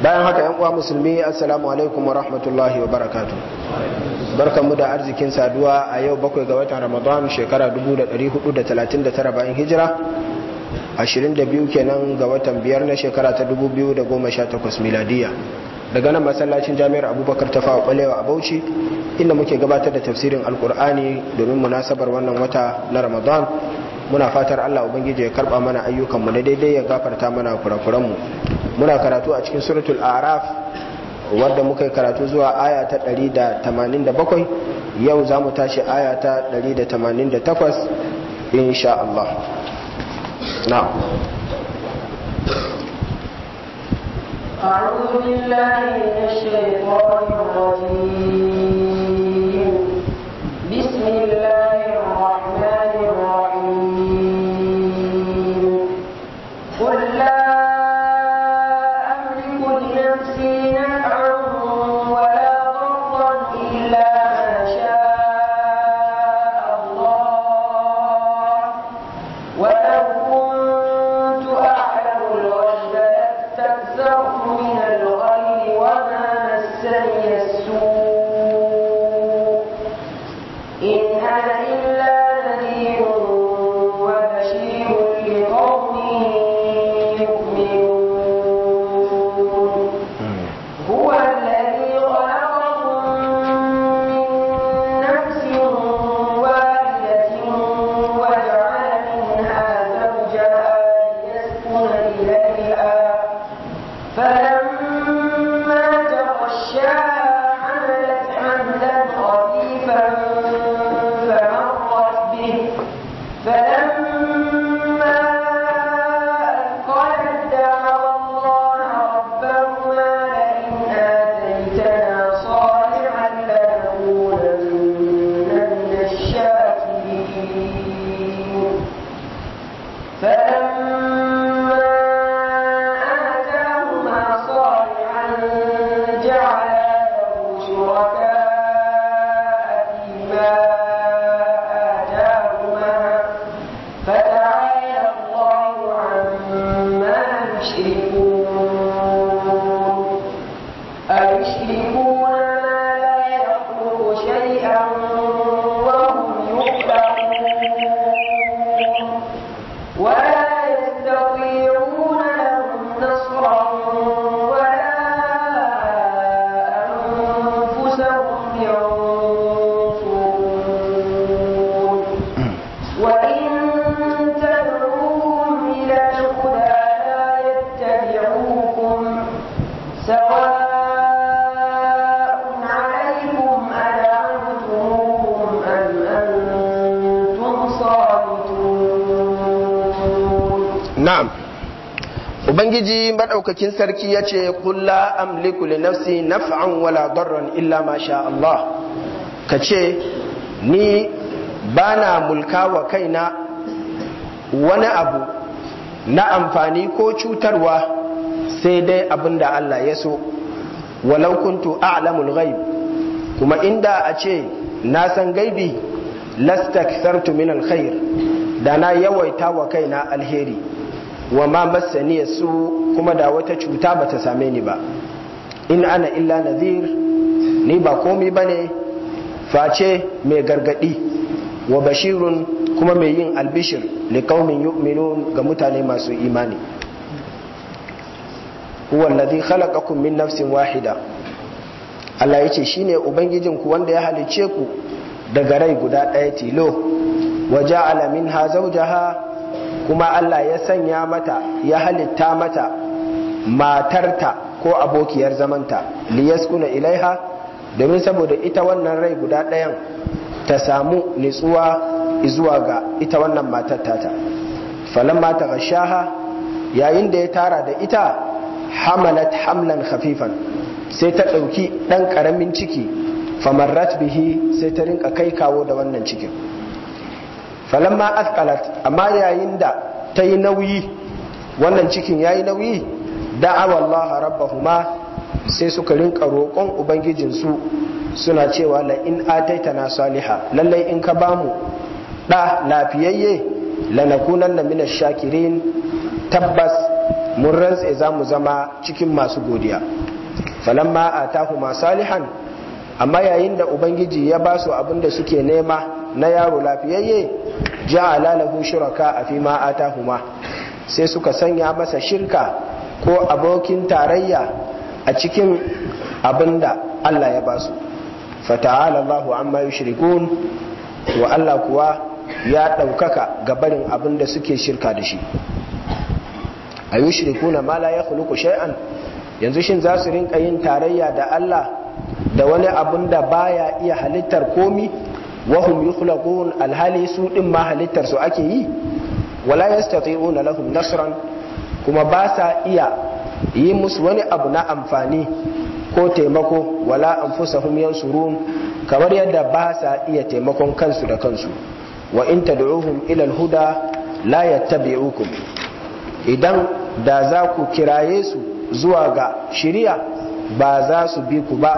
bayan haka yan uwa musulmi assalamu alaikum wa rahmatullahi wa barakatu barkanmu da arzikin saduwa a yau bakwai ga watan ramadan shekara 1439 bayan hijira 22 kenan ga watan biyar na shekara ta 2018 miladiya daga nan masallacin jami'ar abubakar ta fawa kwalewa a bauchi inda muke gabatar da tafsirin alkur'ani domin munasabar wannan wata na ramadan muna fatar Allah ubangiji ya karba mana ayyukan mu na daidai ya gafarta mana kurakuran mu muna karatu a cikin suratul araf wadda muka yi karatu zuwa aya ta 187 yau za mu tashi aya ta 188 insha Allah na'am أعوذ بالله من الشيطان الرجيم ولا ubangiji madaukakin sarki ya ce kula amliku li nafsi naf'an wala darran illa ma sha Allah ka ce ni bana mulka wa kaina wani abu na amfani ko cutarwa sai dai abin da Allah ya so walau kuntu a'lamul ghaib kuma inda a ce na san gaibi lastakthartu min alkhair da na yawaita wa kaina alheri wa ma masani su kuma da wata cuta bata same ni ba in ana illa nazir ni ba komi bane face mai gargadi wa bashirun kuma mai yin albishir li qaumin yu'minun ga mutane masu imani huwa alladhi khalaqakum min nafsin wahida Allah yace shine ubangijin ku wanda ya halice ku daga rai guda daya tilo wa ja'ala minha zawjaha kuma Allah ya sanya mata ya halitta mata matarta ko abokiyar zamanta liyaskuna ilaiha domin saboda ita wannan rai guda ɗayan ta samu nitsuwa zuwa ga ita wannan matar tata mata ta gashaha yayin da ya tara da ita hamalat hamlan khafifan sai ta ɗauki ɗan ƙaramin ciki famarrat bihi sai ta rinka kai kawo da wannan cikin falamma askalat amma yayin da ta yi nauyi wannan cikin ya yi nauyi da'awa Allah rabbahuma sai suka rinka roƙon ubangijinsu suna cewa la in na saliha lallai in ka bamu da lafiyayye na minash shakirin tabbas mun rantse za mu zama cikin masu godiya falamma tahuma salihan amma yayin da ubangiji ya basu su abin da suke nema na yaro lafiyayye ja lalahu shuraka a fi ma'ata huma sai suka sanya masa shirka ko abokin tarayya a cikin abin da Allah ya basu fata'ala Allahu amma yushrikun wa Allah kuwa ya ɗaukaka ga abin da suke shirka da shi a yi shirku na mala ya kuluku shay'an yanzu shin za su rinka yin tarayya da Allah da wani abin da baya iya halittar komi wahum yukhlaqun alhali su din ma su ake yi wala yastati'una lahum nasran kuma ba sa iya yi musu wani abu na amfani ko taimako wala anfusahum yansurun kamar yadda ba sa iya taimakon kansu da kansu wa in tad'uhum ila huda la yattabi'ukum idan da za ku kiraye su zuwa ga shiriya ba za su bi ku ba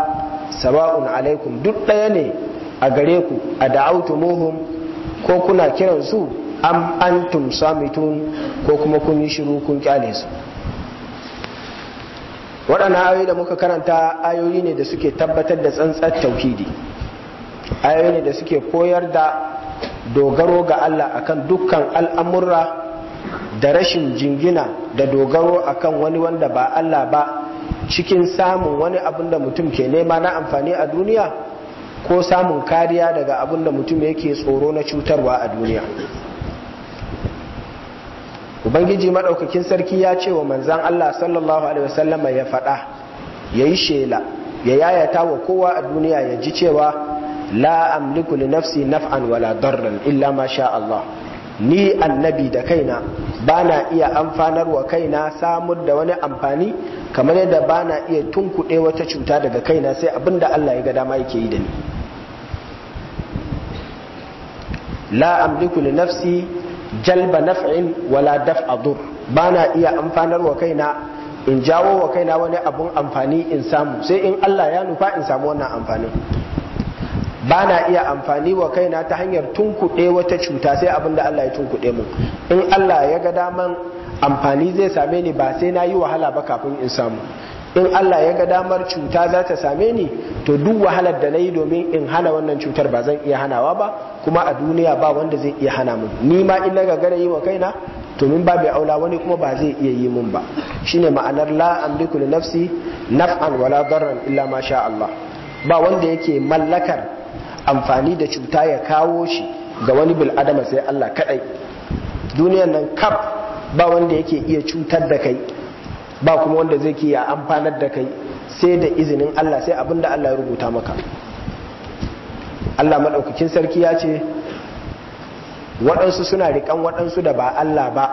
sawa'un alaikum duk ɗaya ne a gare ku a da'autumuhum ko kuna kiran su am antum samitun ko kuma kun yi shiru kun kyale su waɗanda ayoyi da muka karanta ayoyi ne da suke tabbatar da tsantsar tauhidi ayoyi ne da suke koyar da dogaro ga Allah akan dukkan al'amurra da rashin jingina da dogaro akan wani wanda ba Allah ba cikin samun wani abin da mutum ke nema na amfani a duniya ko samun kariya daga abin da mutum yake tsoro na cutarwa a duniya ubangiji maɗaukakin sarki ya ce wa manzan allah sallallahu alaihi wasallama ya faɗa ya yi shela ya yayata wa kowa a duniya ya ji cewa la amliku li nafsi naf'an wala darran illa ma sha Allah ni annabi da kaina ba na iya amfanarwa kaina samar da wani amfani kamar yadda ba na iya tunkuɗe wata cuta daga kaina sai abin da Allah ya ga dama yake yi da ni la amliku li nafsi jalba naf'in wala daf'a dur ba na iya amfanarwa kaina in jawo wa kaina wani abun amfani in samu sai in Allah ya nufa in samu wannan amfanin ba na iya amfani wa kaina ta hanyar tunkuɗe wata cuta sai abin da Allah ya tunkuɗe mu in Allah ya ga daman amfani zai same ni ba sai na yi wahala ba kafin in samu in Allah ya ga damar cuta za ta same ni to duk wahalar da na yi domin in hana wannan cutar ba zan iya hanawa ba kuma a duniya ba wanda zai iya hana mun ni ma in na gagara yi wa kaina to min bai aula wani kuma ba zai iya yi mun ba shine ma'anar la amliku li nafsi naf'an wala darran illa ma sha Allah ba wanda yake mallakar amfani da cuta ya kawo shi ga wani bil'adama sai Allah kadai duniyan nan kaf ba wanda yake iya cutar da kai ba kuma wanda zai ke ya amfanar da kai sai da izinin Allah sai abin da Allah ya rubuta maka Allah maɗaukakin sarki ya ce waɗansu suna riƙan waɗansu da ba Allah ba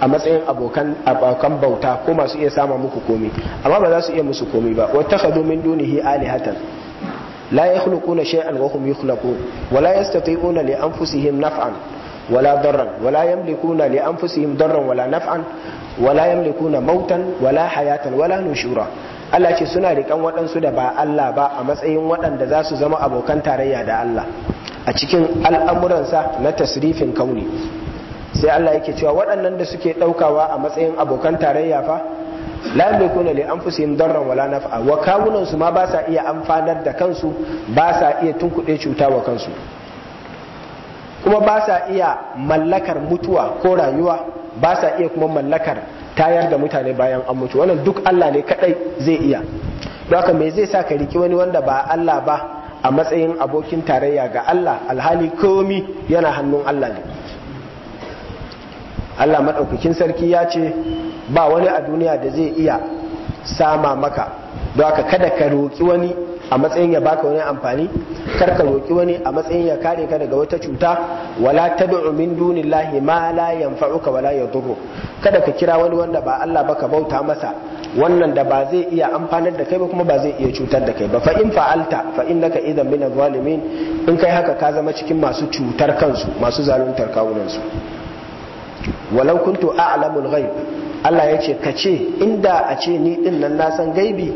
a matsayin abokan bauta ko masu iya sama muku komi amma ba za su iya musu komi ba wata min dunihi alihatan لا يخلقون شيئا وهم يخلقون ولا يستطيعون لأنفسهم نفعا ولا ضرا ولا يملكون لأنفسهم ضرا ولا نفعا ولا يملكون موتا ولا حياة ولا نشورا Allah ce suna riƙan waɗansu da ba Allah ba a matsayin waɗanda za su zama abokan tarayya da Allah a cikin al'amuransa na tasrifin kauni sai Allah yake cewa waɗannan da suke ɗaukawa a matsayin abokan tarayya fa la yamlikuna li anfusihim darran wala naf'a wa kawunan su ma ba sa iya amfanar da kansu ba sa iya tunkuɗe cuta wa kansu kuma ba sa iya mallakar mutuwa ko rayuwa ba sa iya kuma mallakar tayar da mutane bayan an mutu wannan duk Allah ne kadai zai iya don haka me zai sa ka riki wani wanda ba Allah ba a matsayin abokin tarayya ga Allah alhali komi yana hannun Allah ne Allah maɗaukakin sarki ya ce ba wani a duniya da zai iya sama maka don haka kada ka roƙi wani a matsayin ya baka wani amfani kar ka roƙi wani a matsayin ya kare ka daga wata cuta wala tad'u min dunillahi ma la yanfa'uka wala yadurru kada ka kira wani wanda ba Allah ba ka bauta masa wannan da ba zai iya amfanar da kai ba kuma ba zai iya cutar da kai ba fa in fa'alta fa innaka idan min zalimin in kai haka ka zama cikin masu cutar kansu masu zaluntar kawunansu. su walau kuntu a'lamul ghaib Allah ya ce ka ce inda a ce ni din nan na san gaibi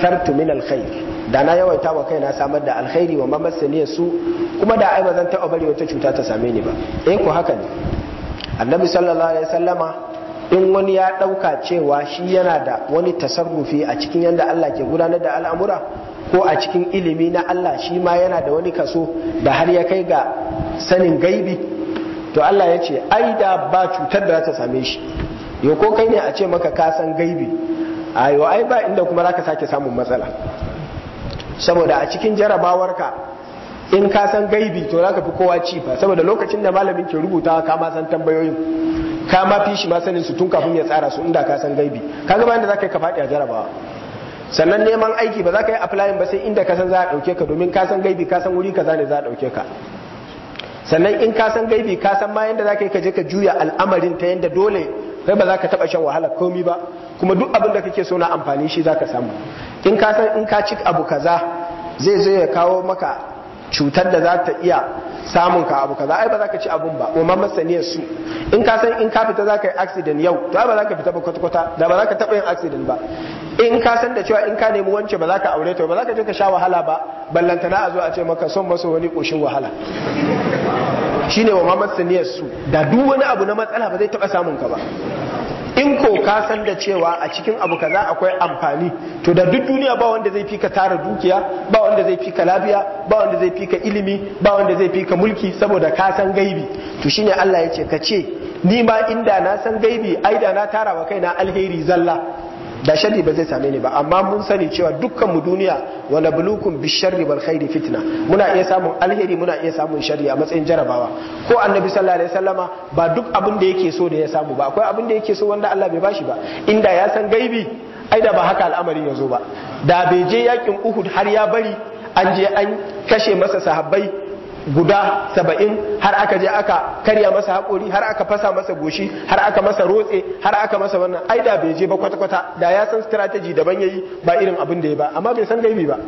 fartu min alkhair da na yawaita wa kaina samar da alkhairi wa mamassaniya su kuma da ai zan taba bari wata cuta ta same ni ba eh ko haka ne annabi sallallahu alaihi wasallama in wani ya ɗauka cewa shi yana da wani tasarrufi a cikin yadda Allah ke gudanar da al'amura ko a cikin ilimi na Allah shi ma yana da wani kaso da har ya kai ga sanin gaibi to Allah ya ce ai da ba cutar da za ta same shi yau ko kai ne a ce maka ka san gaibi yau ai ba inda kuma za ka sake samun matsala saboda a cikin jarabawarka in ka san gaibi to za ka fi kowa ci fa saboda lokacin da malamin ke rubuta ka ma san tambayoyin ka ma fi shi ma sanin su tun kafin ya tsara su inda ka san gaibi kaga ba inda yi ka faɗi a jarabawa sannan neman aiki ba za ka yi applying ba sai inda ka san za a ɗauke ka domin kasan gaibi kasan san wuri kaza ne za a ɗauke ka sannan in ka san gaibi ka san ma yadda zaka yi ka je ka juya al'amarin ta yadda dole kai ba za ka taba shan wahala komi ba kuma duk abin da kake so na amfani shi zaka samu in ka san in ka ci abu kaza zai zo ya kawo maka cutar da za ta iya samun ka abu kaza ai ba za ka ci abun ba kuma masaniyar su in ka san in ka fita za ka yi accident yau to ba za ka fita ba kwata-kwata da ba za ka taba yin accident ba in ka san da cewa in ka nemi wance ba za ka aure ta ba za ka je ka sha wahala ba ballantana a zo a ce maka son masu wani koshin wahala shine wa mamar saniyar su da duk wani abu na matsala ba zai taba samun ka ba in ko ka san da cewa a cikin abu kaza akwai amfani to da duk duniya ba wanda zai fika tara dukiya ba wanda zai fika lafiya ba wanda zai fika ilimi ba wanda zai fika mulki saboda ka san gaibi to shine Allah ya ce ka ce ni ma inda na san gaibi ai da na tara wa kai na alheri zalla da sharri ba zai same ni ba amma mun sani cewa dukkan mu duniya wa bulukun bisharri wal khairi fitina muna iya samun alheri muna iya samun sharri a matsayin jarabawa ko annabi sallallahu alaihi wasallama ba duk abin da yake so da ya samu ba akwai abin da yake so wanda Allah bai bashi ba inda ya san gaibi ai da ba haka al'amarin ya zo ba da bai je yakin Uhud har ya bari an je an kashe masa sahabbai guda saba'in har aka je aka karya masa haƙori har aka fasa masa goshi har aka masa rotse har aka masa wannan ai da bai je ba kwata-kwata da ya san strategy daban yayi ba irin abin da ya ba amma bai san gaibi ba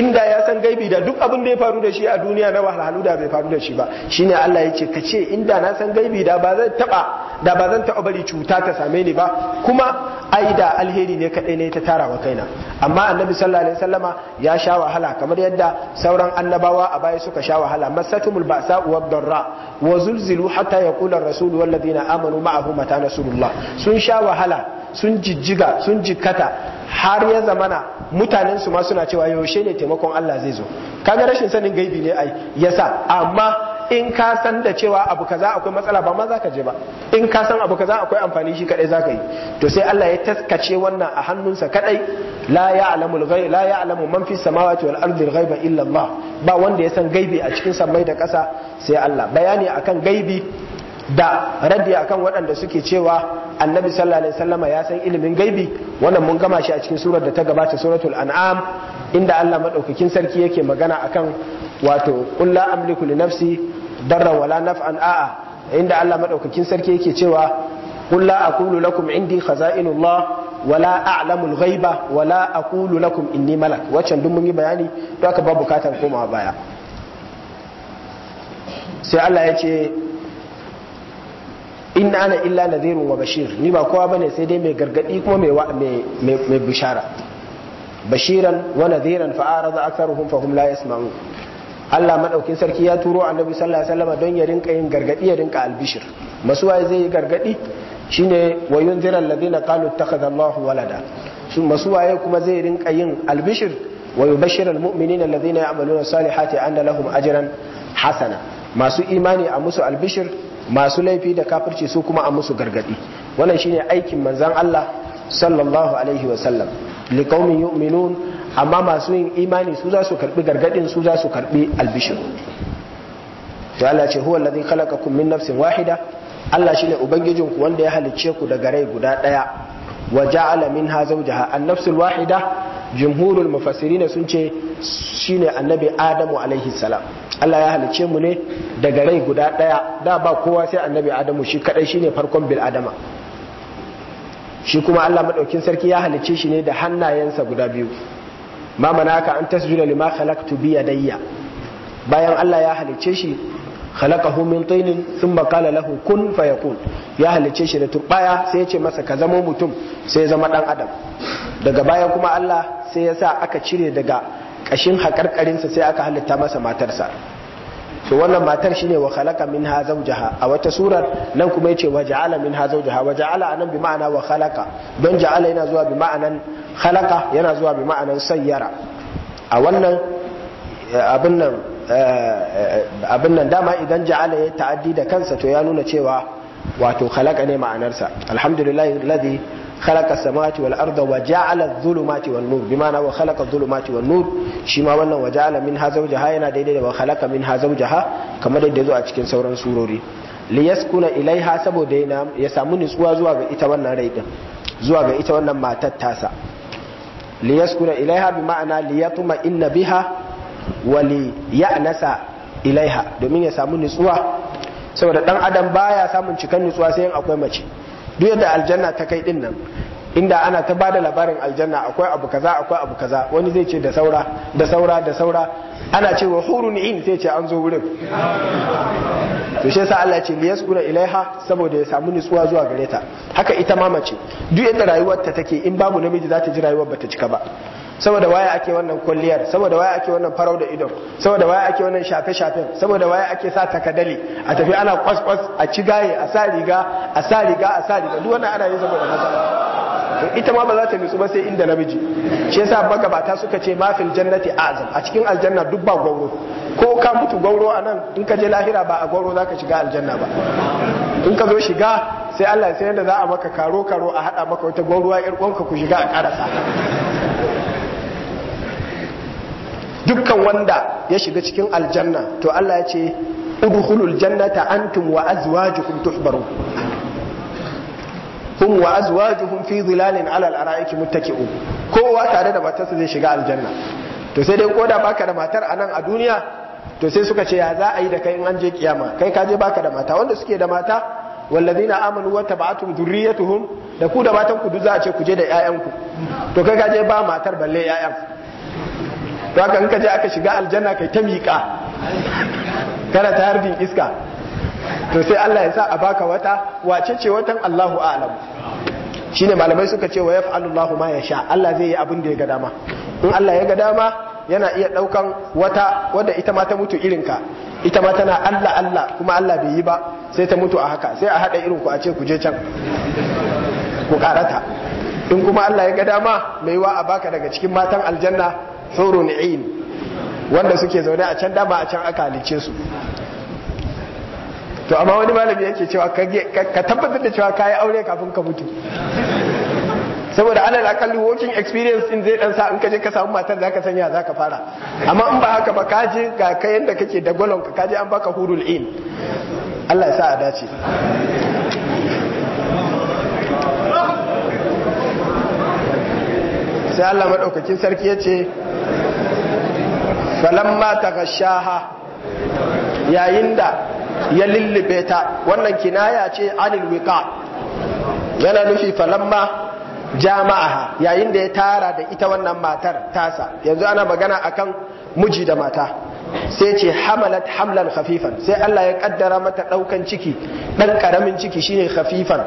inda ya san gaibi da duk abin da ya faru da shi a duniya na wahalhalu da bai faru da shi ba shine Allah ya ce ka ce inda na san gaibi da ba zan taba da ba zan taba bari cuta ta same ni ba kuma ai da alheri ne kadai ne ta tara wa kaina amma annabi sallallahu alaihi wasallama ya sha wahala kamar yadda sauran annabawa a baya suka sha wahala masatumul ba'sa wa darra wa zulzilu hatta yaqula ar-rasul wal ladina amanu ma'ahu mata nasrullah sun sha wahala sun jijjiga sun jikkata har ya zamana mutanen su ma suna cewa yaushe ne taimakon Allah zai zo kaga rashin sanin gaibi ne ai yasa amma in ka san da cewa abu kaza akwai matsala ba ma za je ba in ka san abu kaza akwai amfani shi kadai zaka yi to sai Allah ya taskace wannan a hannunsa kadai la ya'lamul alamu ghaib la ya'lamu man fi samawati wal ardi al-ghaiba illa Allah ba wanda ya san gaibi a cikin sammai da kasa sai Allah bayani akan gaibi da raddi akan waɗanda suke cewa annabi sallallahu alaihi wasallama ya san ilimin gaibi wannan mun gama shi a cikin surar da ta gabata suratul an'am inda Allah madaukakin sarki yake magana akan wato qul la amliku li nafsi darra wala naf'an a'a inda Allah madaukakin sarki yake cewa qul la aqulu lakum indi khaza'inullah wala a'lamul ghaiba wala aqulu lakum inni malak wacan duk mun yi bayani to aka ba bukatar komawa baya sai Allah ya ce in ana illa nadhirun wa bashir ni ba kowa bane sai dai mai gargadi kuma mai bishara bashiran wa nadhiran fa arada aktharuhum fa hum la yasma'un Allah madaukin sarki ya turo annabi sallallahu alaihi wasallam don ya rinka yin gargadi ya rinka albishir waye zai yi gargadi shine wa yunzira alladhina qalu walada masu waye kuma zai rinka yin albishir wa na almu'minina alladhina ya'maluna salihati anna lahum ajran hasana masu imani a musu albishir masu laifi da kafirci su kuma a musu gargadi wannan shine aikin manzon Allah sallallahu alaihi wa sallam liqaumin yu'minun amma masu yin imani su za su karbi gargadin su za su karbi albishir to Allah ce huwa alladhi khalaqakum min nafsin wahida Allah shine ku wanda ya halicce ku daga rai guda daya wa ja'ala minha zawjaha an-nafsul wahida jumhurul mufassirina sun ce shine annabi adamu alaihi salam Allah ya halice mu ne daga rai guda daya da ba kowa sai annabi adamu shi kadai shine farkon bil adama shi kuma Allah madaukin sarki ya halice shi ne da hannayensa guda biyu ma ka an tasjuda lima khalaqtu bi yadayya bayan Allah ya halice shi khalaqahu min tinin thumma qala lahu kun fayakun ya halice shi da turbaya sai ya ce masa ka zama mutum sai ya zama dan adam daga baya kuma Allah sai ya sa aka cire daga kashin hakarkarinsa sai aka halitta masa matarsa to wannan matar shine wa khalaqa minha zawjaha a wata surar nan kuma yace wa ja'ala minha zawjaha wa ja'ala anan bi ma'ana wa khalaqa don ja'ala yana zuwa bi ma'anan khalaqa yana zuwa bi ma'anan sayyara a wannan eh, abin nan Eh, abin nan dama idan ja'ala ya ta'addi da kansa to ya nuna cewa wato khalaqa ne ma'anarsa alhamdulillahi alladhi khalaqa samawati wal arda wa ja'ala adh-dhulumati wan nur bima'ana wa khalaqa adh-dhulumati wan nur shi ma wannan wa ja'ala minha zawjaha yana daidai da wa khalaqa minha zawjaha kamar yadda zo a cikin sauran surori liyaskuna ilaiha saboda ya samu nutsuwa zuwa ga ita wannan rai din zuwa ga ita wannan matar tasa liyaskuna ilaiha bi ma'ana liyatma inna biha wali ya nasa ilaiha domin ya samu nutsuwa saboda dan adam baya samun cikan nutsuwa sai in akwai mace duk yadda aljanna ta kai din inda ana ta bada labarin aljanna akwai abu kaza akwai abu kaza wani zai ce da saura da saura da saura ana ce wa hurun in sai ce an zo wurin to shi yasa Allah ce liyaskura ilaiha saboda ya samu nutsuwa zuwa gare ta haka ita ma mace duk yadda rayuwarta take in babu namiji za ta ji rayuwar bata cika ba saboda waya ake wannan kwalliyar saboda waya ake wannan farau da idon saboda waya ake wannan shafe-shafen saboda waya ake sa takadali a tafi ana kwas-kwas a ci gaye a sa riga a sa riga a sa riga duk wannan ana yin saboda maza ita ma ba za ta nutsu ba sai inda namiji shi yasa ta suka ce mafil jannati azam a cikin aljanna duk ba gwauro ko ka mutu gwauro a nan in ka je lahira ba a gwauro za ka shiga aljanna ba in ka zo shiga sai Allah sai yadda za a maka karo karo a hada maka wata gwauruwa yar ku shiga a karasa dukkan wanda ya shiga cikin aljanna to Allah ya ce udkhulul jannata antum wa azwajukum tuhbaru hum wa azwajuhum fi dhilalin ala al-ara'iki muttaki'u kowa tare da matarsa zai shiga aljanna to sai dai koda baka da matar a nan a duniya to sai suka ce ya za a yi da kai in an je kiyama kai ka je baka da mata wanda suke da mata wallazina amanu wa ya dhurriyyatuhum da ku da matan ku duk za a ce ku je da ƴaƴanku to kai ka je ba matar balle ƴaƴan to haka in ka je aka shiga aljanna kai ta miƙa kana ta harbin iska to sai Allah ya sa a baka wata wace ce watan Allahu a'lam shine malamai suka ce wa yaf'alu Allahu ma yasha Allah zai yi abin da ya ga dama in Allah ya ga dama yana iya daukan wata wadda ita ma ta mutu irin ka ita ma tana Allah Allah kuma Allah bai yi ba sai ta mutu a haka sai a hada irin ku a ce ku je can ku karata in kuma Allah ya ga dama mai wa a baka daga cikin matan aljanna hurun in wanda suke zaune a can dama a can aka halice su to amma wani malami yake cewa ka tabbatar da cewa kayi aure kafin ka mutu saboda alal akalli walking experience din zai dan sa in ka je ka samu matar zaka sanya zaka fara amma in ba haka ba ka je ga kai yanda kake da gwalon ka je an baka hurul in Allah ya sa a dace sai Allah madaukakin sarki ya ce falamma tagashaha yayin da ya lullube ta wannan kinaya ce anil wika yana nufi falamma jama'aha yayin da ya tara da ita wannan matar tasa yanzu ana magana akan muji da mata sai ce hamalat hamlan khafifan sai Allah ya kaddara mata daukan ciki dan karamin ciki shine khafifan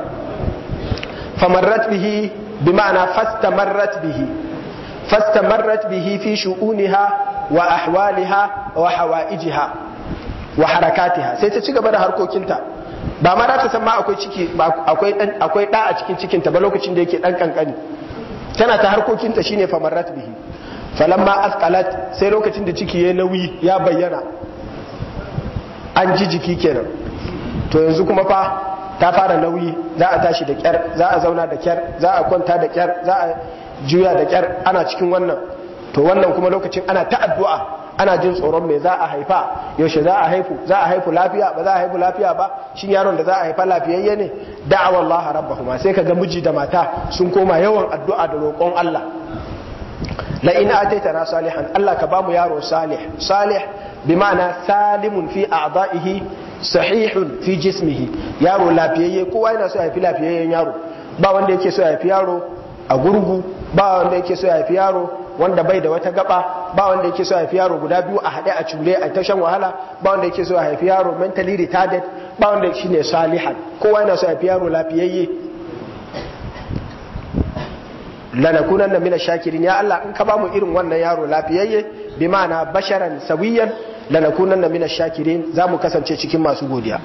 famarrat bihi bima'ana fastamarrat bihi fastamarrat bihi fi shu'uniha wa ahwaliha wa hawaijiha wa harakatiha sai ta ci gaba da harkokinta ba ma za ta san ma akwai ciki akwai dan akwai da a cikin cikinta ba lokacin da yake dan kankani tana ta harkokinta shine famarrat bihi falamma asqalat sai lokacin da ciki ya nauyi ya bayyana an ji jiki kenan to yanzu kuma fa ta fara nauyi za a tashi da kyar za a zauna da kyar za a kwanta da kyar za a juya da kyar ana cikin wannan to wannan kuma lokacin ana ta addu'a ana jin tsoron me za a haifa yaushe za a haifu za a haifu lafiya ba za a haifu lafiya ba shin yaron da za a haifa lafiyayye ne da'awa Allah rabbahuma sai kaga miji da mata sun koma yawan addu'a da roƙon Allah la in na salihan Allah ka bamu yaro salih salih bi ma'ana salimun fi a'dahihi sahihun fi jismihi yaro lafiyayye kowa yana so ya haifi lafiyayyen yaro ba wanda yake so ya haifi yaro a gurgu ba wanda yake so ya haifi yaro wanda bai da wata gaba ba wanda yake so haifi yaro guda biyu a haɗe a cure a tashan wahala ba wanda yake so haifi yaro mentally retarded ba wanda ne salihan kowa yana so haifi yaro lafiyayye lanakunan mina shakirin ya Allah in ka bamu irin wannan yaro lafiyayye bi ma'ana basharan sawiyan lanakunan mina shakirin zamu kasance cikin masu godiya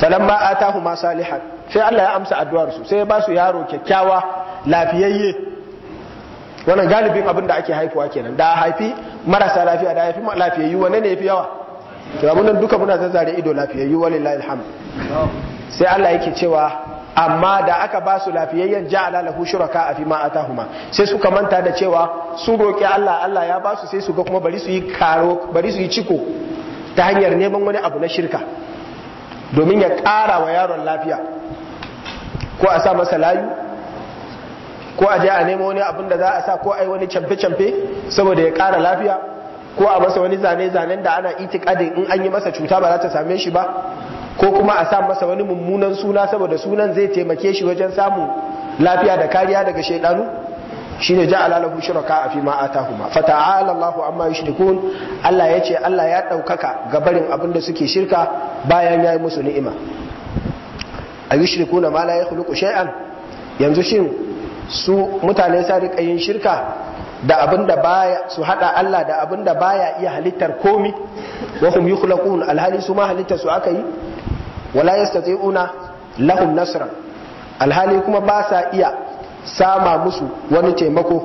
ba atahu ma salihan sai Allah ya amsa addu'ar su sai ya ba su yaro kyakkyawa lafiyayye wannan galibin abin da ake haifuwa kenan da haifi marasa lafiya da haifi lafiyayyu wanne ne yafi yawa to nan duka muna zazzare ido lafiyayyu walillahi alhamd sai Allah yake cewa amma da aka ba su lafiyayyen ja'ala lahu shuraka a fi ma atahuma sai suka manta da cewa sun roki Allah Allah ya ba su sai su ga kuma bari su yi karo bari su yi ciko ta hanyar neman wani abu na shirka domin ya ƙara wa yaron lafiya ko a sa masa layu ko a je a nemo wani abin da za a sa ko a yi wani camfe-camfe saboda ya kara lafiya ko a masa wani zane-zanen da ana iti itikadin in an yi masa cuta ba za ta same shi ba ko kuma a sa masa wani mummunan suna saboda sunan zai taimake shi wajen samun lafiya da kariya daga shaidanu Shi shine ja'ala lahu a fi ma fata a Allahu amma yushrikun Allah ya ce Allah ya ɗaukaka ga barin abin da suke shirka bayan yayi musu ni'ima ayushrikuna ma la yakhluqu shay'an yanzu shin su mutane sa rika yin shirka da abin da baya su hada Allah da abin da baya iya halittar komi wa hum yukhlaqun alhali su ma halittar su aka yi wala yastati'una lahum nasra alhali kuma ba sa iya sama musu wani taimako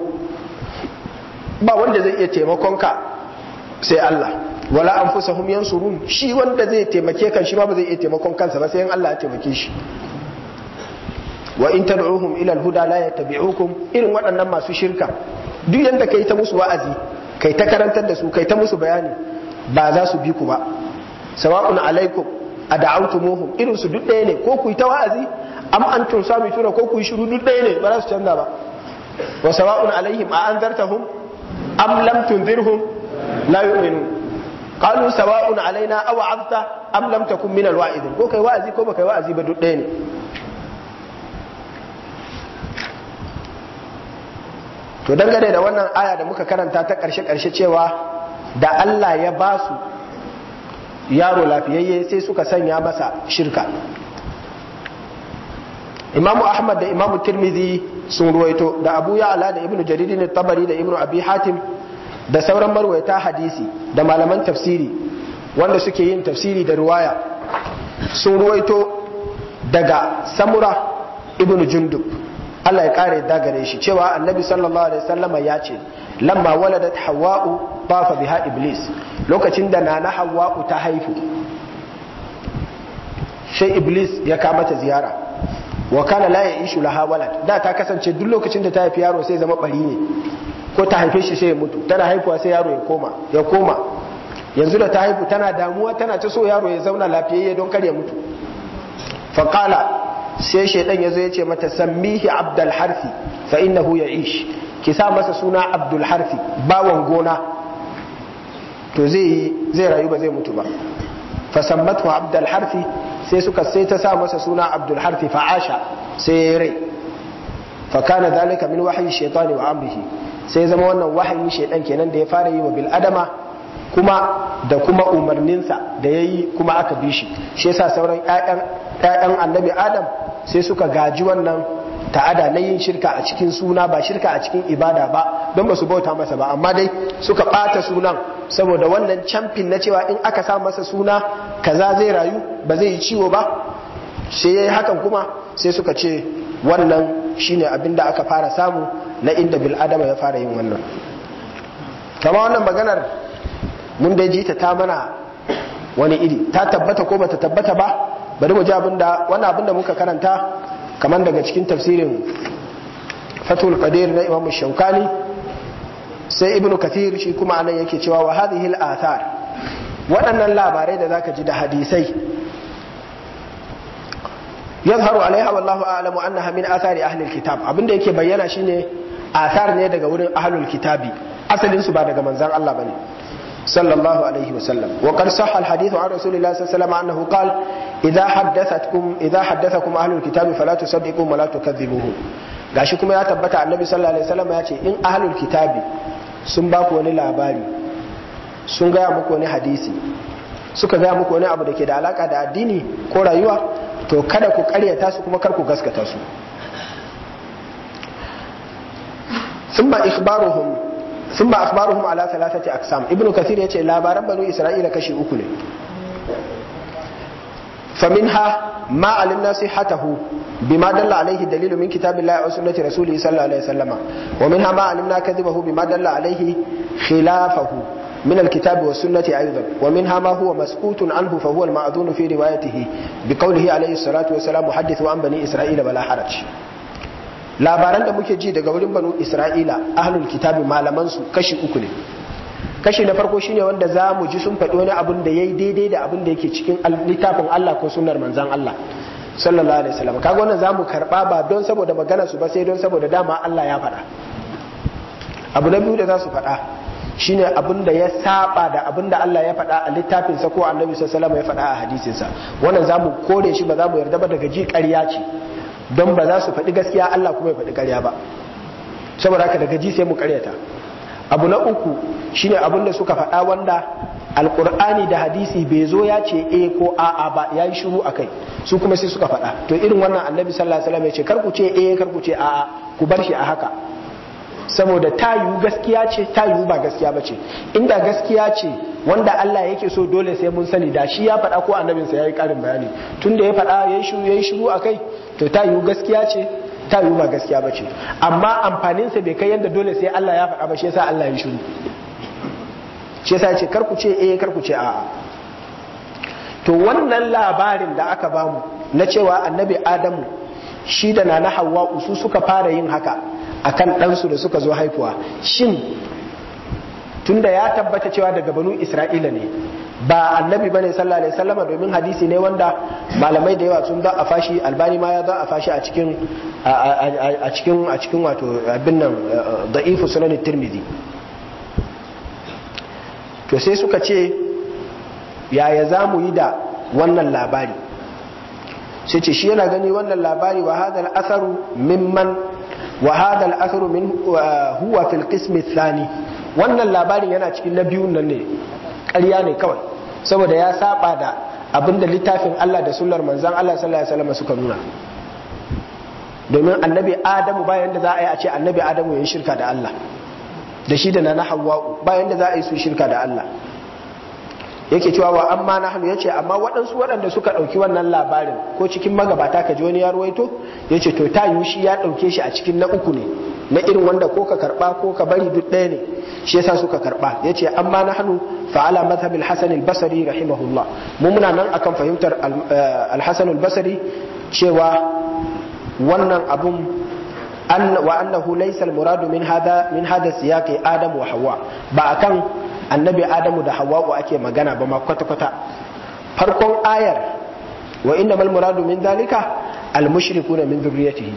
ba wanda zai iya taimakon ka sai Allah wala anfusahum yansurun shi wanda zai taimake kan shi ba zai iya taimakon kansa ba sai in Allah ya taimake shi wa in tad'uhum ila al-huda la yattabi'ukum irin waɗannan masu shirka duk yanda kai ta musu wa'azi kai ta karantar da su kai ta musu bayani ba za su bi ku ba sawa'un alaikum ad'awtumuhum irin su duk ɗaya ne ko ku ta wa'azi am antum samituna ko ku shiru duk ɗaya ne ba za su canza ba wa sawa'un alaihim a anzartahum am lam tunzirhum la yu'minun قالوا سواء علينا أوعظت أم لم تكن من الواعظين ko kai wa'azi ko baka yi wa'azi ba duk ne to dangane da wannan aya da muka karanta ta karshe karshe cewa da Allah ya ba su yaro lafiyayye sai suka sanya masa shirka imamu ahmad da imamu tirmizi sun ruwaito da abu ya'ala da ibnu jaridin tabari da ibnu abi hatim da sauran marwaita hadisi da malaman tafsiri wanda suke yin tafsiri da ruwaya sun ruwaito daga samura ibnu jundub Allah ya kare yadda gare shi cewa annabi sallallahu alaihi sallama ya ce lamma waladat hawa'u tafa biha iblis lokacin da nana hawa'u ta haifu sai iblis ya kama ta ziyara wa kana la ya'ishu laha walad da ta kasance duk lokacin da ta haifi yaro sai zama bari ne ko ta haife shi sai ya mutu tana haifuwa sai yaro ya koma ya koma yanzu da ta haifu tana damuwa tana ta so yaro ya zauna lafiyayye don kar ya mutu qala sai shaidan ya zo ya ce mata sammihi abdul harfi fa innahu ya'ish ki sa masa suna abdul harfi bawan gona to zai zai rayu ba zai mutu ba fa sammatu abdul harfi sai suka sai ta sa masa suna abdul harfi fa asha sai rai fa kana dalika min wahyi shaytani wa amrihi sai zama wannan wahayin shaidan kenan da ya fara yi wa bil adama kuma da kuma umarninsa da ya yi kuma aka bi shi shi yasa sauran 'ya'yan annabi adam sai suka gaji wannan ta'ada na yin shirka a cikin suna ba shirka a cikin ibada ba don ba su bauta masa ba amma dai suka ɓata sunan saboda wannan camfin na cewa in aka sa masa suna kaza zai rayu ba zai yi ciwo ba sai ya yi hakan kuma sai suka ce wannan shine abin da aka fara samu na inda bil'adama ya fara yin wannan kama wannan maganar mun dai ji ta ta mana wani iri ta tabbata ko bata tabbata ba bari mu ji abinda wannan da muka karanta kamar daga cikin tafsirin fatul qadir na imamu shaukani sai ibnu kathir shi kuma anan yake cewa wa hadhihi al-athar waɗannan labarai da zaka ji da hadisai يظهر عليها والله أعلم أنها من آثار أهل الكتاب abinda yake bayyana shine athar ne daga wurin ahlul kitabi asalin su ba daga manzon Allah bane صلى الله عليه وسلم وقد صح الحديث عن رسول الله صلى الله عليه وسلم أنه قال إذا حدثتكم إذا حدثكم أهل الكتاب فلا تصدقوا ولا تكذبوه gashi kuma ya tabbata annabi sallallahu alaihi wasallam ya ce in ahlul kitabi sun ba ku wani labari sun gaya muku wani hadisi suka gaya muku wani abu da ke da alaka da addini ko rayuwa to kada ku karyata su kuma kar ku gaskata su thumma ikhbaruhum ثم أخبارهم على ثلاثة أقسام ابن كثير kathir لا بارب بنو إسرائيل كشي أكل فمنها ما علمنا صحته بما دل عليه الدليل من كتاب الله وسنة رسوله صلى الله عليه وسلم ومنها ما علمنا كذبه بما دل عليه خلافه من الكتاب والسنة أيضا ومنها ما هو مسكوت عنه فهو المعذون في روايته بقوله عليه الصلاة والسلام حدثوا عن بني إسرائيل ولا حرج labaran da muke ji daga wurin banu isra'ila ahlul kitabi malaman su kashi uku ne kashi na farko shine wanda za mu ji sun faɗi wani abun da yayi daidai da abun da yake cikin littafin Allah ko sunnar manzon Allah sallallahu alaihi wasallam kaga wannan zamu karba ba don saboda magana su ba sai don saboda dama Allah ya faɗa abu na biyu da za su faɗa shine abin da ya saba da abin da Allah ya faɗa a littafinsa ko annabi sallallahu alaihi wasallam ya faɗa a hadisinsa wannan zamu kore shi ba za mu yarda ba daga ji ƙarya ce don ba za su faɗi gaskiya Allah kuma ya faɗi karya ba saboda haka daga ji sai mu karyata. abu na uku shine abin da suka faɗa wanda alkur'ani da hadisi bai zo ya ce e ko a'a ba ya yi shiru a kai su kuma sai suka faɗa to irin wannan annabi sallallahu alaihi wasallam ya ce ku ce e kar ku ce a'a ku bar a haka saboda ta yiwu gaskiya ce ta ba gaskiya ba ce inda gaskiya ce wanda Allah yake so dole sai mun sani da shi ya faɗa ko annabinsa ya yi ƙarin bayani tunda ya faɗa ya yi shiru a kai to ta yiwu gaskiya ce ta yiwu ba gaskiya ba ce amma amfaninsa bai kai yadda dole sai Allah ya faɗa ba shi yasa Allah ya shiru shi yasa ce karku ce eh karku ce a'a to wannan labarin da aka bamu na cewa annabi Adamu shi da na hawa su suka fara yin haka akan ɗansu da suka zo haifuwa shin tunda ya tabbata cewa daga banu Isra'ila ne ba annabi bane sallallahu alaihi wasallama domin hadisi ne wanda malamai da yawa sun da a fashi albani ma ya da a fashi a cikin a cikin a cikin wato abin nan eh, eh, da'ifu sunan tirmidhi to sai suka ce yaya za mu yi da wannan labari sai ce shi yana gani wannan labari wa hadal asaru mimman wa hadal asaru min huwa fil qismi thani wannan labarin yana cikin na biyun nan ne ƙarya ne kawai saboda ya saba da abinda littafin Allah da sunar manzan Allah sallallahu alaihi wasallam suka nuna domin annabi Adamu bayan da za a yi a ce annabi Adamu ya yi shirka da Allah da shi da na hawa bayan da za a yi su shirka da Allah yake cewa wa amma ya yace amma waɗansu waɗanda suka ɗauki wannan labarin ko cikin magabata ka ji wani ya ruwaito yace to ta yiwu shi ya ɗauke shi a cikin na uku ne na irin wanda ko ka karɓa ko ka bari duk ɗaya ne shi yasa suka ya yace amma na fa ala mazhabil hasan al basri rahimahullah mu muna nan akan fahimtar al eh, basari. cewa wannan abun wa annahu laysa muradu min hada min hada siyaqi adam wa hawa ba akan annabi adamu da hawa'u ake magana ba ma kwata-kwata farkon ayar wa inna mal muradu min dalika al mushrikuna min zuriyatihi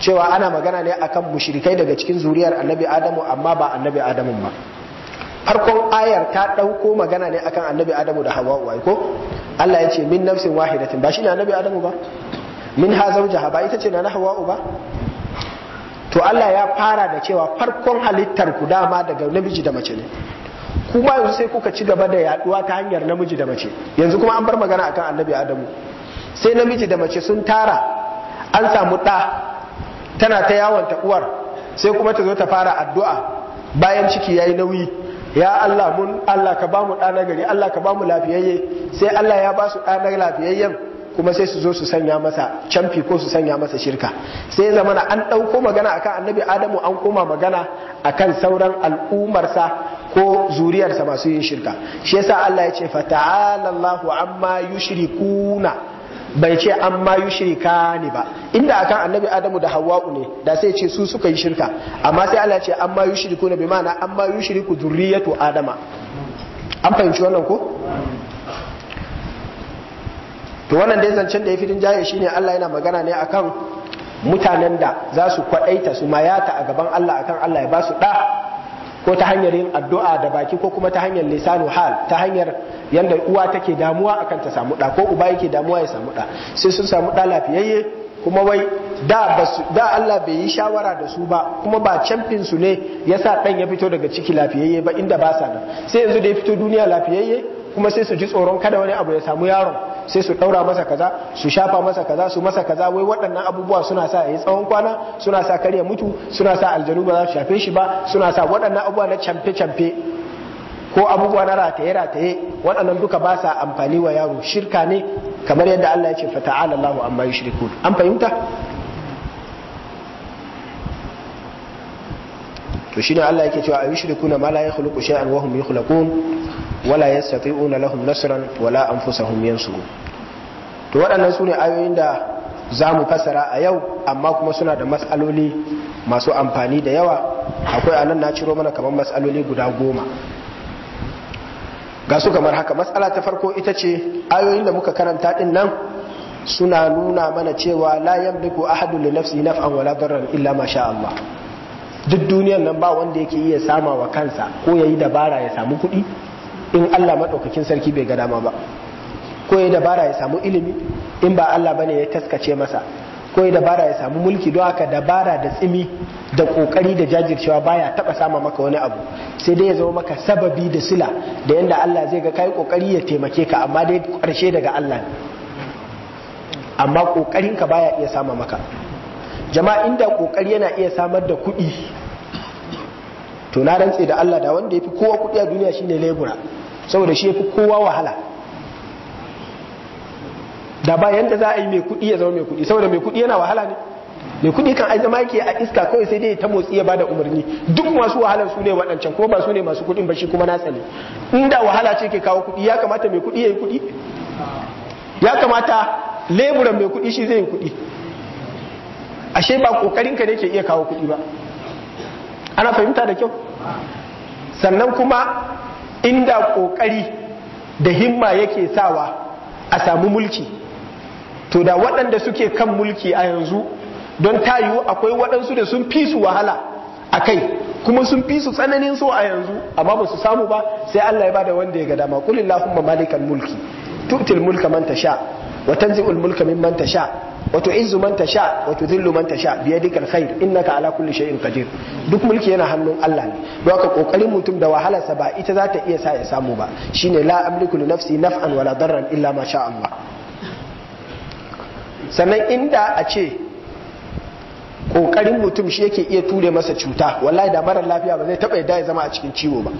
cewa ana magana ne akan mushrikai daga cikin zuriyar annabi adamu amma ba annabi adamu ba farkon ayar ta ɗauko magana ne akan annabi adamu da hawa'u ai ko Allah ya ce min nafsin wahidatin ba shi ne annabi adamu ba min ha zawjaha ba ita ce na hawa'u ba to Allah ya fara da cewa farkon halittar ku dama daga namiji da mace ne kuma yanzu sai kuka ci gaba da yaduwa ta hanyar namiji da mace yanzu kuma an bar magana akan annabi adamu sai namiji da mace sun tara an samu ɗa tana ta yawon uwar sai kuma ta zo ta fara addu'a bayan ciki ya yi nauyi ya Allah mun Allah ka bamu ɗa na gari Allah ka bamu lafiyayye sai Allah ya ba su ɗa na lafiyayyen kuma sai su zo su sanya masa camfi ko su sanya masa shirka sai ya zamana an ɗauko magana akan annabi adamu an koma magana akan sauran al'ummarsa ko zuriyarsa masu yin shirka shi yasa Allah ya ce fata'ala Allahu amma yushrikuna bai ce amma yushrika ne ba inda akan annabi Adamu da Hawwa'u ne da sai ce su suka yi shirka amma sai Allah ya ce amma yushrikuna bi ma'ana amma yushriku zurriyatu Adama an fahimci wannan ko to wannan dai zancen da ya fitin jaye shine Allah yana magana ne akan mutanen da za su kwadaita su mayata a gaban Allah akan Allah ya ba su da ko ta hanyar yin addu'a da baki ko kuma ta hanyar lisanu hal ta hanyar yanda uwa take damuwa akan ta samu da ko uba yake damuwa ya samu da sai sun samu da lafiyayye kuma wai da basu da Allah bai yi shawara da su ba kuma ba camfin su ne yasa dan ya fito daga ciki lafiyayye ba inda ba sa nan sai yanzu da ya fito duniya lafiyayye kuma sai su ji tsoron kada wani abu ya samu yaron sai su ɗaura masa kaza su shafa masa kaza su masa kaza wai waɗannan abubuwa suna sa yi tsawon kwana suna sa karya mutu suna sa aljanu ba za su shafe shi ba suna sa waɗannan abubuwa na camfe camfe ko abubuwa na rataye rataye waɗannan duka ba sa amfani wa yaro shirka ne kamar yadda Allah ya ce fata'ala Allahu amma an fahimta to shine Allah yake cewa ayushrikuna ma la yakhluqu shay'an wa hum wala yastati'una lahum nasran wala anfusahum yansurun to waɗannan sune ayoyin da za mu fasara a yau amma kuma suna da matsaloli masu amfani da yawa akwai anan na ciro mana kamar matsaloli guda goma ga su kamar haka matsala ta farko ita ce ayoyin da muka karanta din nan suna nuna mana cewa la yamliku ahadu li nafsi naf'an wala darran illa ma sha Allah duk duniyar nan ba wanda yake iya sama wa kansa ko yayi dabara ya samu kuɗi in Allah maɗaukakin sarki bai ga dama ba ko ya dabara ya samu ilimi in ba Allah bane ya taskace masa ko ya dabara ya samu mulki don haka dabara da tsimi da kokari da jajircewa baya taba sama maka wani abu sai dai ya zama maka sababi da sila da yanda Allah zai ga kai kokari ya taimake ka amma dai karshe daga Allah ne amma kokarin ka baya iya sama maka jama'a inda kokari yana iya samar da kuɗi to na rantse da Allah da wanda ya fi kowa kuɗi a duniya shine lebura saboda shi yafi kowa wahala da ba yanda za a yi mai kuɗi ya zama mai kuɗi saboda mai kuɗi yana wahala ne mai kuɗi kan aiki yake a iska kawai sai dai ta motsi ya bada umarni duk masu wahalar su ne waɗancan ko ba su ne masu kuɗin ba shi kuma ne inda wahala ce ke kawo kuɗi ya kamata mai kuɗi ya yi kuɗi ya kamata leburan mai kuɗi shi zai yi kuɗi ashe ba kokarin ka ne ke iya kawo kuɗi ba ana fahimta da kyau sannan kuma inda kokari da himma yake sawa a samu mulki to da waɗanda suke kan mulki a yanzu don ta akwai waɗansu da sun fi su wahala a kai kuma sun fi su tsananin so a yanzu amma ba su samu ba sai Allah ya bada wanda ya ga dama lafin mamalikan mulki tu'til mulka manta sha. wa tanzi'ul mulka mimman tasha wa tu'izzu man tasha wa tudhillu man tasha bi yadikal khair innaka ala kulli shay'in qadir duk mulki yana hannun Allah ne don haka kokarin mutum da wahalar sa ba ita za ta iya sa ya samu ba shine la amliku li nafsi naf'an wala darran illa ma sha Allah sannan inda a ce kokarin mutum shi yake iya ture masa cuta wallahi da marar lafiya ba zai taba yadda ya zama a cikin ciwo ba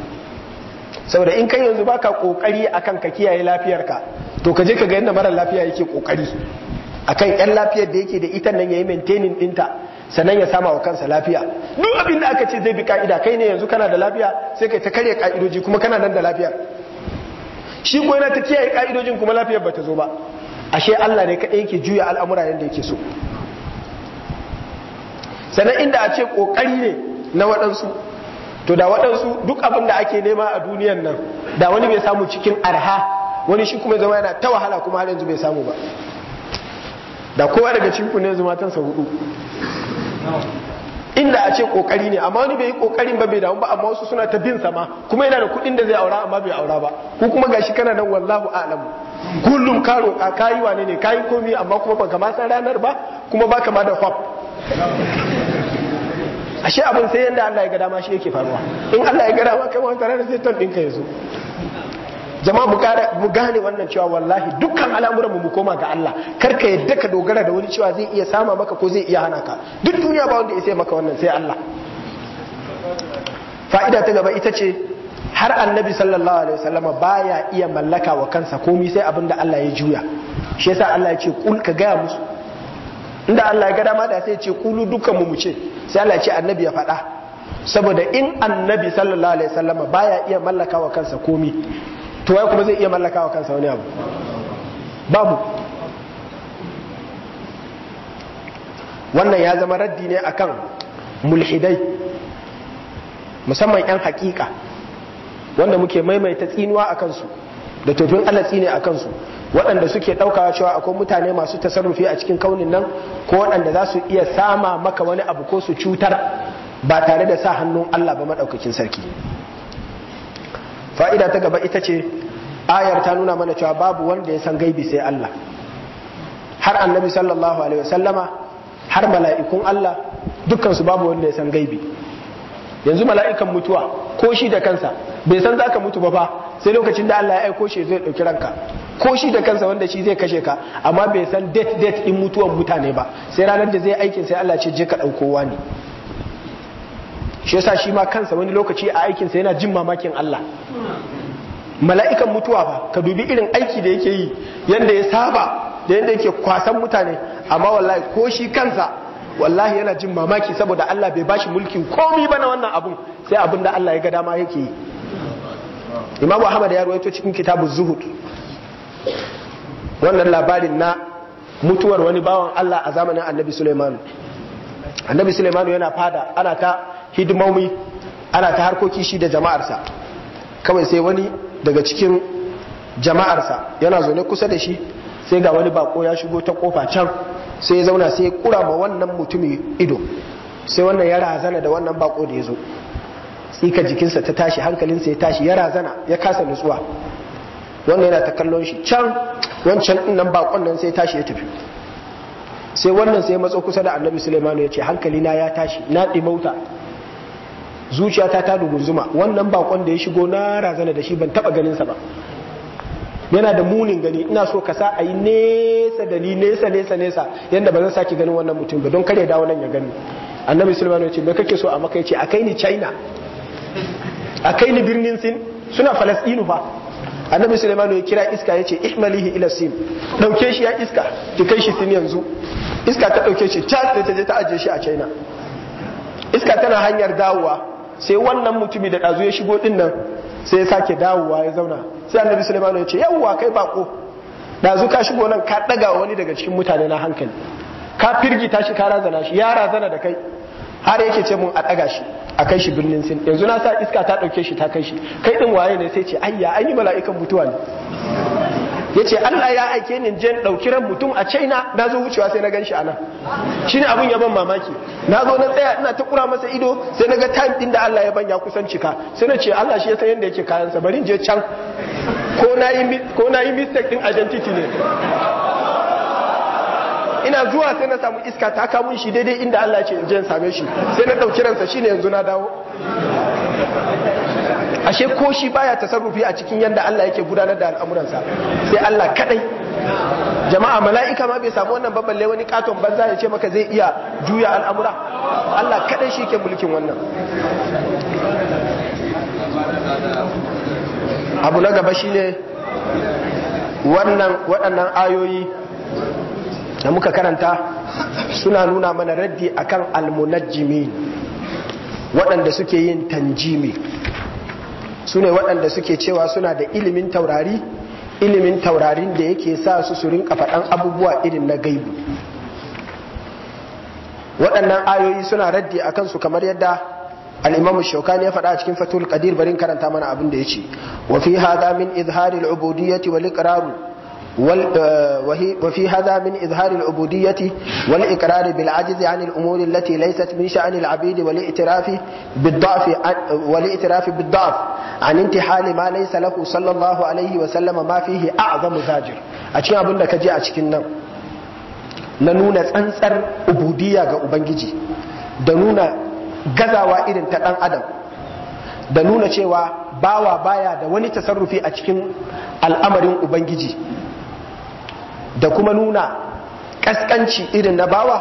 saboda in kai yanzu baka kokari akan ka kiyaye lafiyar ka to kaje ka ga yadda mara lafiya yake kokari akan yan lafiyar da yake da ita nan yayi maintaining dinta sanan ya sama wa kansa lafiya duk abin da aka ce zai bi ka'ida kai ne yanzu kana da lafiya sai kai ta karya ka'idoji kuma kana nan da lafiya shi ko yana ta kiyaye ka'idojin kuma lafiyar bata zo ba ashe Allah ne kadai yake juya al'amura yadda yake so sanan inda a ce ƙoƙari ne na waɗansu to da waɗansu duk abin da ake nema a duniyan nan da wani bai samu cikin arha wani shi kuma zama yana ta wahala kuma har yanzu bai samu ba da kowa daga cikin ne tan sa hudu inda a ce kokari ne amma wani bai yi kokarin ba bai damu ba amma wasu suna ta bin sama kuma yana da kuɗin da zai aura amma bai aura ba ko kuma gashi kana nan wallahu a'lam kullum ka roƙa kayi wane ne kayi komi amma kuma ba ma san ranar ba kuma ba ma da fab ashe abin sai yanda Allah ya ga dama shi yake faruwa in Allah ya ga dama kai wani tare da sai ton dinka ya zo jama'a mu gane wannan cewa wallahi dukkan alamuran mu mu koma ga Allah kar ka yadda ka dogara da wani cewa zai iya sama maka ko zai iya hana ka duk duniya ba wanda ya sai maka wannan sai Allah fa'ida ta gaba ita ce har annabi sallallahu alaihi wasallama baya iya mallaka wa kansa komai sai abin da Allah ya juya shi yasa Allah ya ce kul ka gaya musu inda Allah ya ga dama sai ce kulu dukkan mu ce sai Allah ya ce annabi ya faɗa saboda in annabi sallallahu alaihi wasallam baya iya mallaka wa kansa komi to wai kuma zai iya mallaka wa kansa wani abu babu wannan ya zama raddi ne akan mulhidai musamman 'yan hakika wanda muke maimaita tsinuwa a kansu da tofin Allah ne a kansu waɗanda suke ɗaukawa cewa akwai mutane masu tasarrufi a cikin kaunin nan ko waɗanda za su iya sama maka wani abu ko su cutar ba tare da sa hannun Allah ba maɗaukakin sarki fa'ida ta gaba ita ce ayar ta nuna mana cewa babu wanda ya san gaibi sai Allah har annabi sallallahu alaihi wasallama har mala'ikun Allah dukkansu babu wanda ya san gaibi yanzu mala'ikan mutuwa ko shi da kansa bai san za ka mutu ba fa sai lokacin da Allah ya aiko shi zai ɗauki ranka ko shi da kansa wanda shi zai kashe ka amma bai san date date in mutuwar mutane ba sai ranar da zai aikin sai Allah ce je ka ɗauko wani shi yasa shi ma kansa wani lokaci a sa yana jin mamakin Allah mala'ikan mutuwa ba ka dubi irin aiki da yake yi yadda ya saba da yadda yake kwasan mutane amma wallahi ko shi kansa wallahi yana jin mamaki saboda Allah bai bashi mulkin komi ba na wannan abun sai abin da Allah ya ga dama yake yi Imam Ahmad ya ruwaito cikin kitabu Zuhud wannan labarin na mutuwar wani bawan Allah a zamanin annabi Suleiman annabi Suleiman yana fada ana ta hidimomi ana ta harkoki shi da jama'arsa kawai sai wani daga cikin jama'arsa yana zaune kusa da shi sai ga wani bako ya shigo ta kofa can sai ya zauna sai ya kura ma wannan mutumi ido sai wannan ya razana da wannan bako da ya zo tsika jikinsa ta tashi hankalinsa ya tashi ya razana ya kasa nutsuwa wannan yana ta kallon shi can wancan nan bakon nan sai tashi ya tafi sai wannan sai matso kusa da annabi suleiman ya ce hankali na ya tashi na ɗimauta zuciyata ta dugunzuma wannan bakon da ya shigo na razana da shi ban taba sa ba yana da munin gani ina so ka sa a yi nesa da ni nesa nesa nesa yadda ba zan sake ganin wannan mutum ba don kare dawo nan ya gani annabi sulaimanu ya ce me kake so a maka ya ce a kai ni china a kai ni birnin sin suna falastinu fa annabi Sulaiman ya kira iska yace ihmalihi ila sin dauke shi ya iska ki kai shi sin yanzu iska ta dauke shi ta da ta je ta ajiye shi a China iska tana hanyar dawowa sai wannan mutumi da ɗazu ya shigo din nan sai ya sake dawowa ya zauna sai annabi Sulaiman ya ce yawwa kai bako Ɗazu ka shigo nan ka daga wani daga cikin mutane na hankali ka firgita shi ka razana shi ya razana da kai har yake ce mun a ɗaga shi a kai shi birnin sin yanzu na sa iska ta ɗauke shi ta kai shi kai ɗin waye ne sai ce ayya an yi mala'ikan mutuwa ne ya Allah ya aike ni jen dauki ran mutum a china na zo wucewa sai na gan shi a nan shi ne abin yaban mamaki na zo na tsaya ina ta kura masa ido sai na ga time ɗin da Allah ya ban ya kusan cika sai na ce Allah shi ya san yadda yake kayansa bari je can ko na yi mistake ɗin identity ne ina zuwa sai na samu iska ta kamun shi daidai inda Allah ce in je same shi sai na dauki ransa shine yanzu na dawo ashe ko shi baya tasarrufi a cikin yanda Allah yake gudanar da al'amuransa sai Allah kadai jama'a mala'ika ma bai samu wannan babban wani katon banza ya ce maka zai iya juya al'amura Allah kadai shi ke mulkin wannan abu na gaba shine wannan waɗannan ayoyi da muka karanta suna nuna mana raddi akan almunajjimi waɗanda suke yin tanjimi su ne waɗanda suke cewa suna da ilimin taurari ilimin taurarin da yake sa su su rinka abubuwa irin na gaibu waɗannan ayoyi suna raddi a kansu kamar yadda al'imamu shaukani ya faɗa a cikin fatul ƙadir barin karanta mana abin da ya ce wa fi hada min izharil ubudiyyati wal iqraru وفي هذا من إظهار العبودية والإقرار بالعجز عن الأمور التي ليست من شأن العبيد والاعتراف بالضعف والاعتراف بالضعف عن انتحال ما ليس له صلى الله عليه وسلم ما فيه أعظم زاجر أتي أبو لك جاء أتكنا ننونة أنصر عبودية أبنجي دنونة gazawa irin ta ɗan adam da nuna cewa bawa baya da wani tasarrufi a cikin al'amarin ubangiji da kuma nuna kaskanci irin na bawa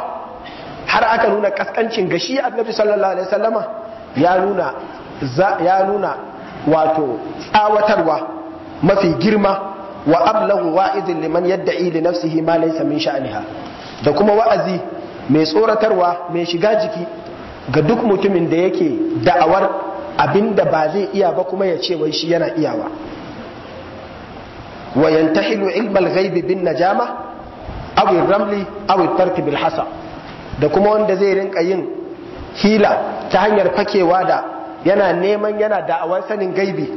har aka nuna kaskancin gashi annabi sallallahu alaihi wasallama ya nuna ya nuna wato tsawatarwa mafi girma wa ablahu wa'izin liman yadda'i li nafsihi ma laysa min sha'niha da kuma wa'azi mai tsoratarwa mai shiga jiki ga duk mutumin da yake da'awar abinda ba zai iya ba kuma ya ce wai shi yana iyawa wa yantahilu ilmal gaibi bin najama Awi ramli aw tarki bil hasa da kuma wanda zai rinka yin hila ta hanyar fakewa da yana neman yana da'awar sanin gaibi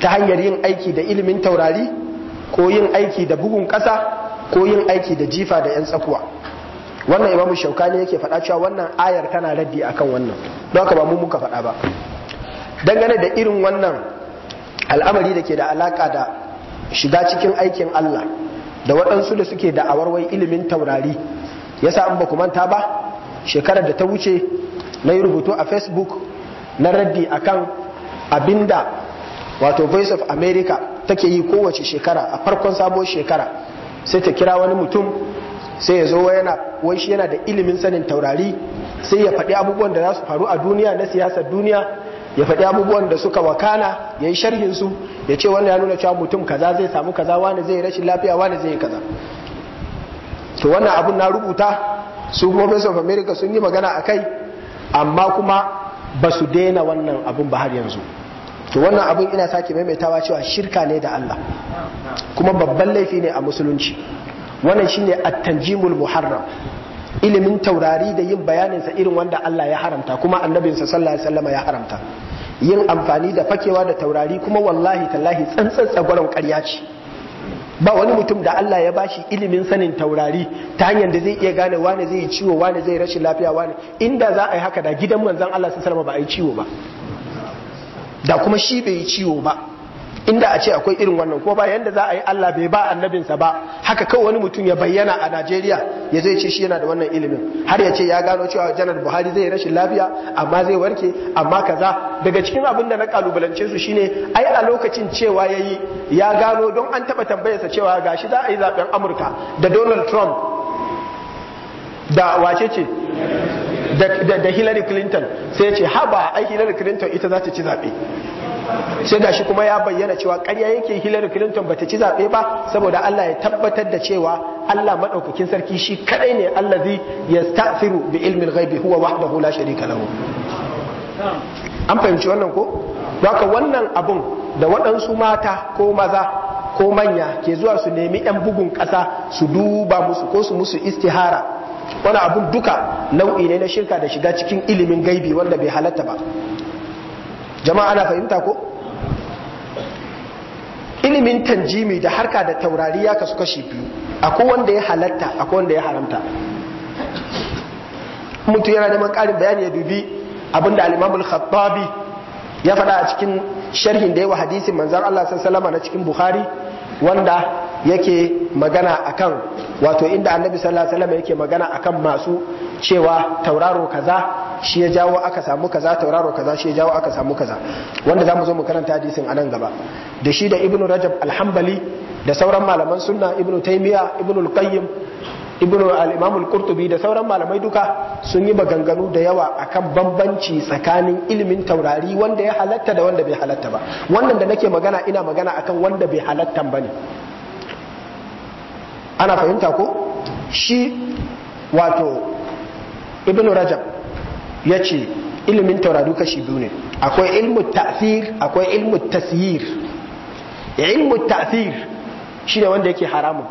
ta hanyar yin aiki da ilimin taurari ko yin aiki da bugun ƙasa ko yin aiki da jifa da 'yan tsakuwa wannan imamu shaukani yake faɗa cewa wannan ayar tana raddi akan wannan don ba mu muka faɗa ba dangane da irin wannan al'amari da ke da alaka da shiga cikin aikin Allah da waɗansu da suke da wai ilimin taurari yasa an ba ku manta ba shekarar da ta wuce na yi rubutu a facebook na raddi akan abinda wato voice of america take yi kowace shekara a farkon sabon shekara sai ta kira wani mutum sai ya zo yana wai shi yana da ilimin sanin taurari sai ya faɗi abubuwan da za su faru a duniya na siyasar duniya ya faɗi abubuwan da suka wakana ya yi sharhinsu ya ce wanda ya nuna cewa mutum kaza zai samu kaza wani zai rashin lafiya wani zai yi kaza to wannan abun na rubuta su kuma of america sun yi magana a kai amma kuma ba su daina wannan abun ba har yanzu to wannan abun ina sake maimaitawa cewa shirka ne da allah kuma babban laifi ne a musulunci wannan shine at-tanjimul muharram ilimin taurari da yin bayaninsa irin wanda Allah ya haramta kuma annabinsa sallallahu alaihi wasallam ya haramta yin amfani da fakewa da taurari kuma wallahi tallahi tsantsan tsagwaron ƙarya ce ba wani mutum da Allah ya bashi ilimin sanin taurari ta hanyar da zai iya gane wane zai yi ciwo wane zai rashin lafiya wane inda za a yi haka da gidan manzon Allah sallallahu alaihi wasallam ba a yi ciwo ba da kuma shi bai yi ciwo ba inda a ce akwai irin wannan ko ba yanda za a yi Allah bai ba annabinsa ba haka kawai wani mutum ya bayyana a Najeriya ya zai ce shi yana da wannan ilimin har ya ce ya gano cewa janar Buhari zai rashin lafiya amma zai warke amma kaza daga cikin abin da na kalubalance su shine ai a lokacin cewa ya yi ya gano don an taba tambayarsa cewa gashi za a yi zaben Amurka da Donald Trump da wace ce da Hillary Clinton sai ya ce haba ai Hillary Clinton ita za ta ci zaɓe sai gashi kuma ya bayyana cewa ƙarya yake Hillary Clinton bata ci zaɓe ba saboda Allah ya tabbatar da cewa Allah maɗaukakin sarki shi kadai ne allazi yastafiru bi ilmin ghaibi huwa wahdahu la sharika lahu an fahimci wannan ko haka wannan abun da waɗansu mata ko maza ko manya ke zuwa su nemi 'yan bugun ƙasa su duba musu ko su musu istihara wani abun duka nau'i ne na shirka da shiga cikin ilimin gaibi wanda bai halatta ba jama'a ana fahimta ko ilimin tanjimi da harka da taurari ya kasu kashi biyu akwai wanda ya halatta akwai wanda ya haramta mutum yana neman ƙarin bayani ya dubi abin da alimamul khattabi ya faɗa a cikin sharhin da yawa hadisin manzan Allah Sallama na cikin Bukhari wanda yake magana akan wato inda annabi sallallahu alaihi wasallam yake magana akan masu cewa tauraro kaza shi ya jawo aka samu kaza tauraro kaza shi ya jawo aka samu kaza wanda zamu zo mu karanta hadisin anan gaba da shi da ibnu rajab alhambali da sauran malaman sunna ibnu taymiya ibnu alqayyim ibnu al-imam al-qurtubi da sauran malamai duka sun yi maganganu da yawa akan bambanci tsakanin ilimin taurari wanda ya halatta da wanda bai halatta ba wannan da nake magana ina magana akan wanda bai halatta bane ana fahimta ko shi wato ibn rajab ya ce ilimin taurari kashi biyu ne akwai ilmu ta'fir akwai ilmu tasyir ilmu shi shine wanda yake haramun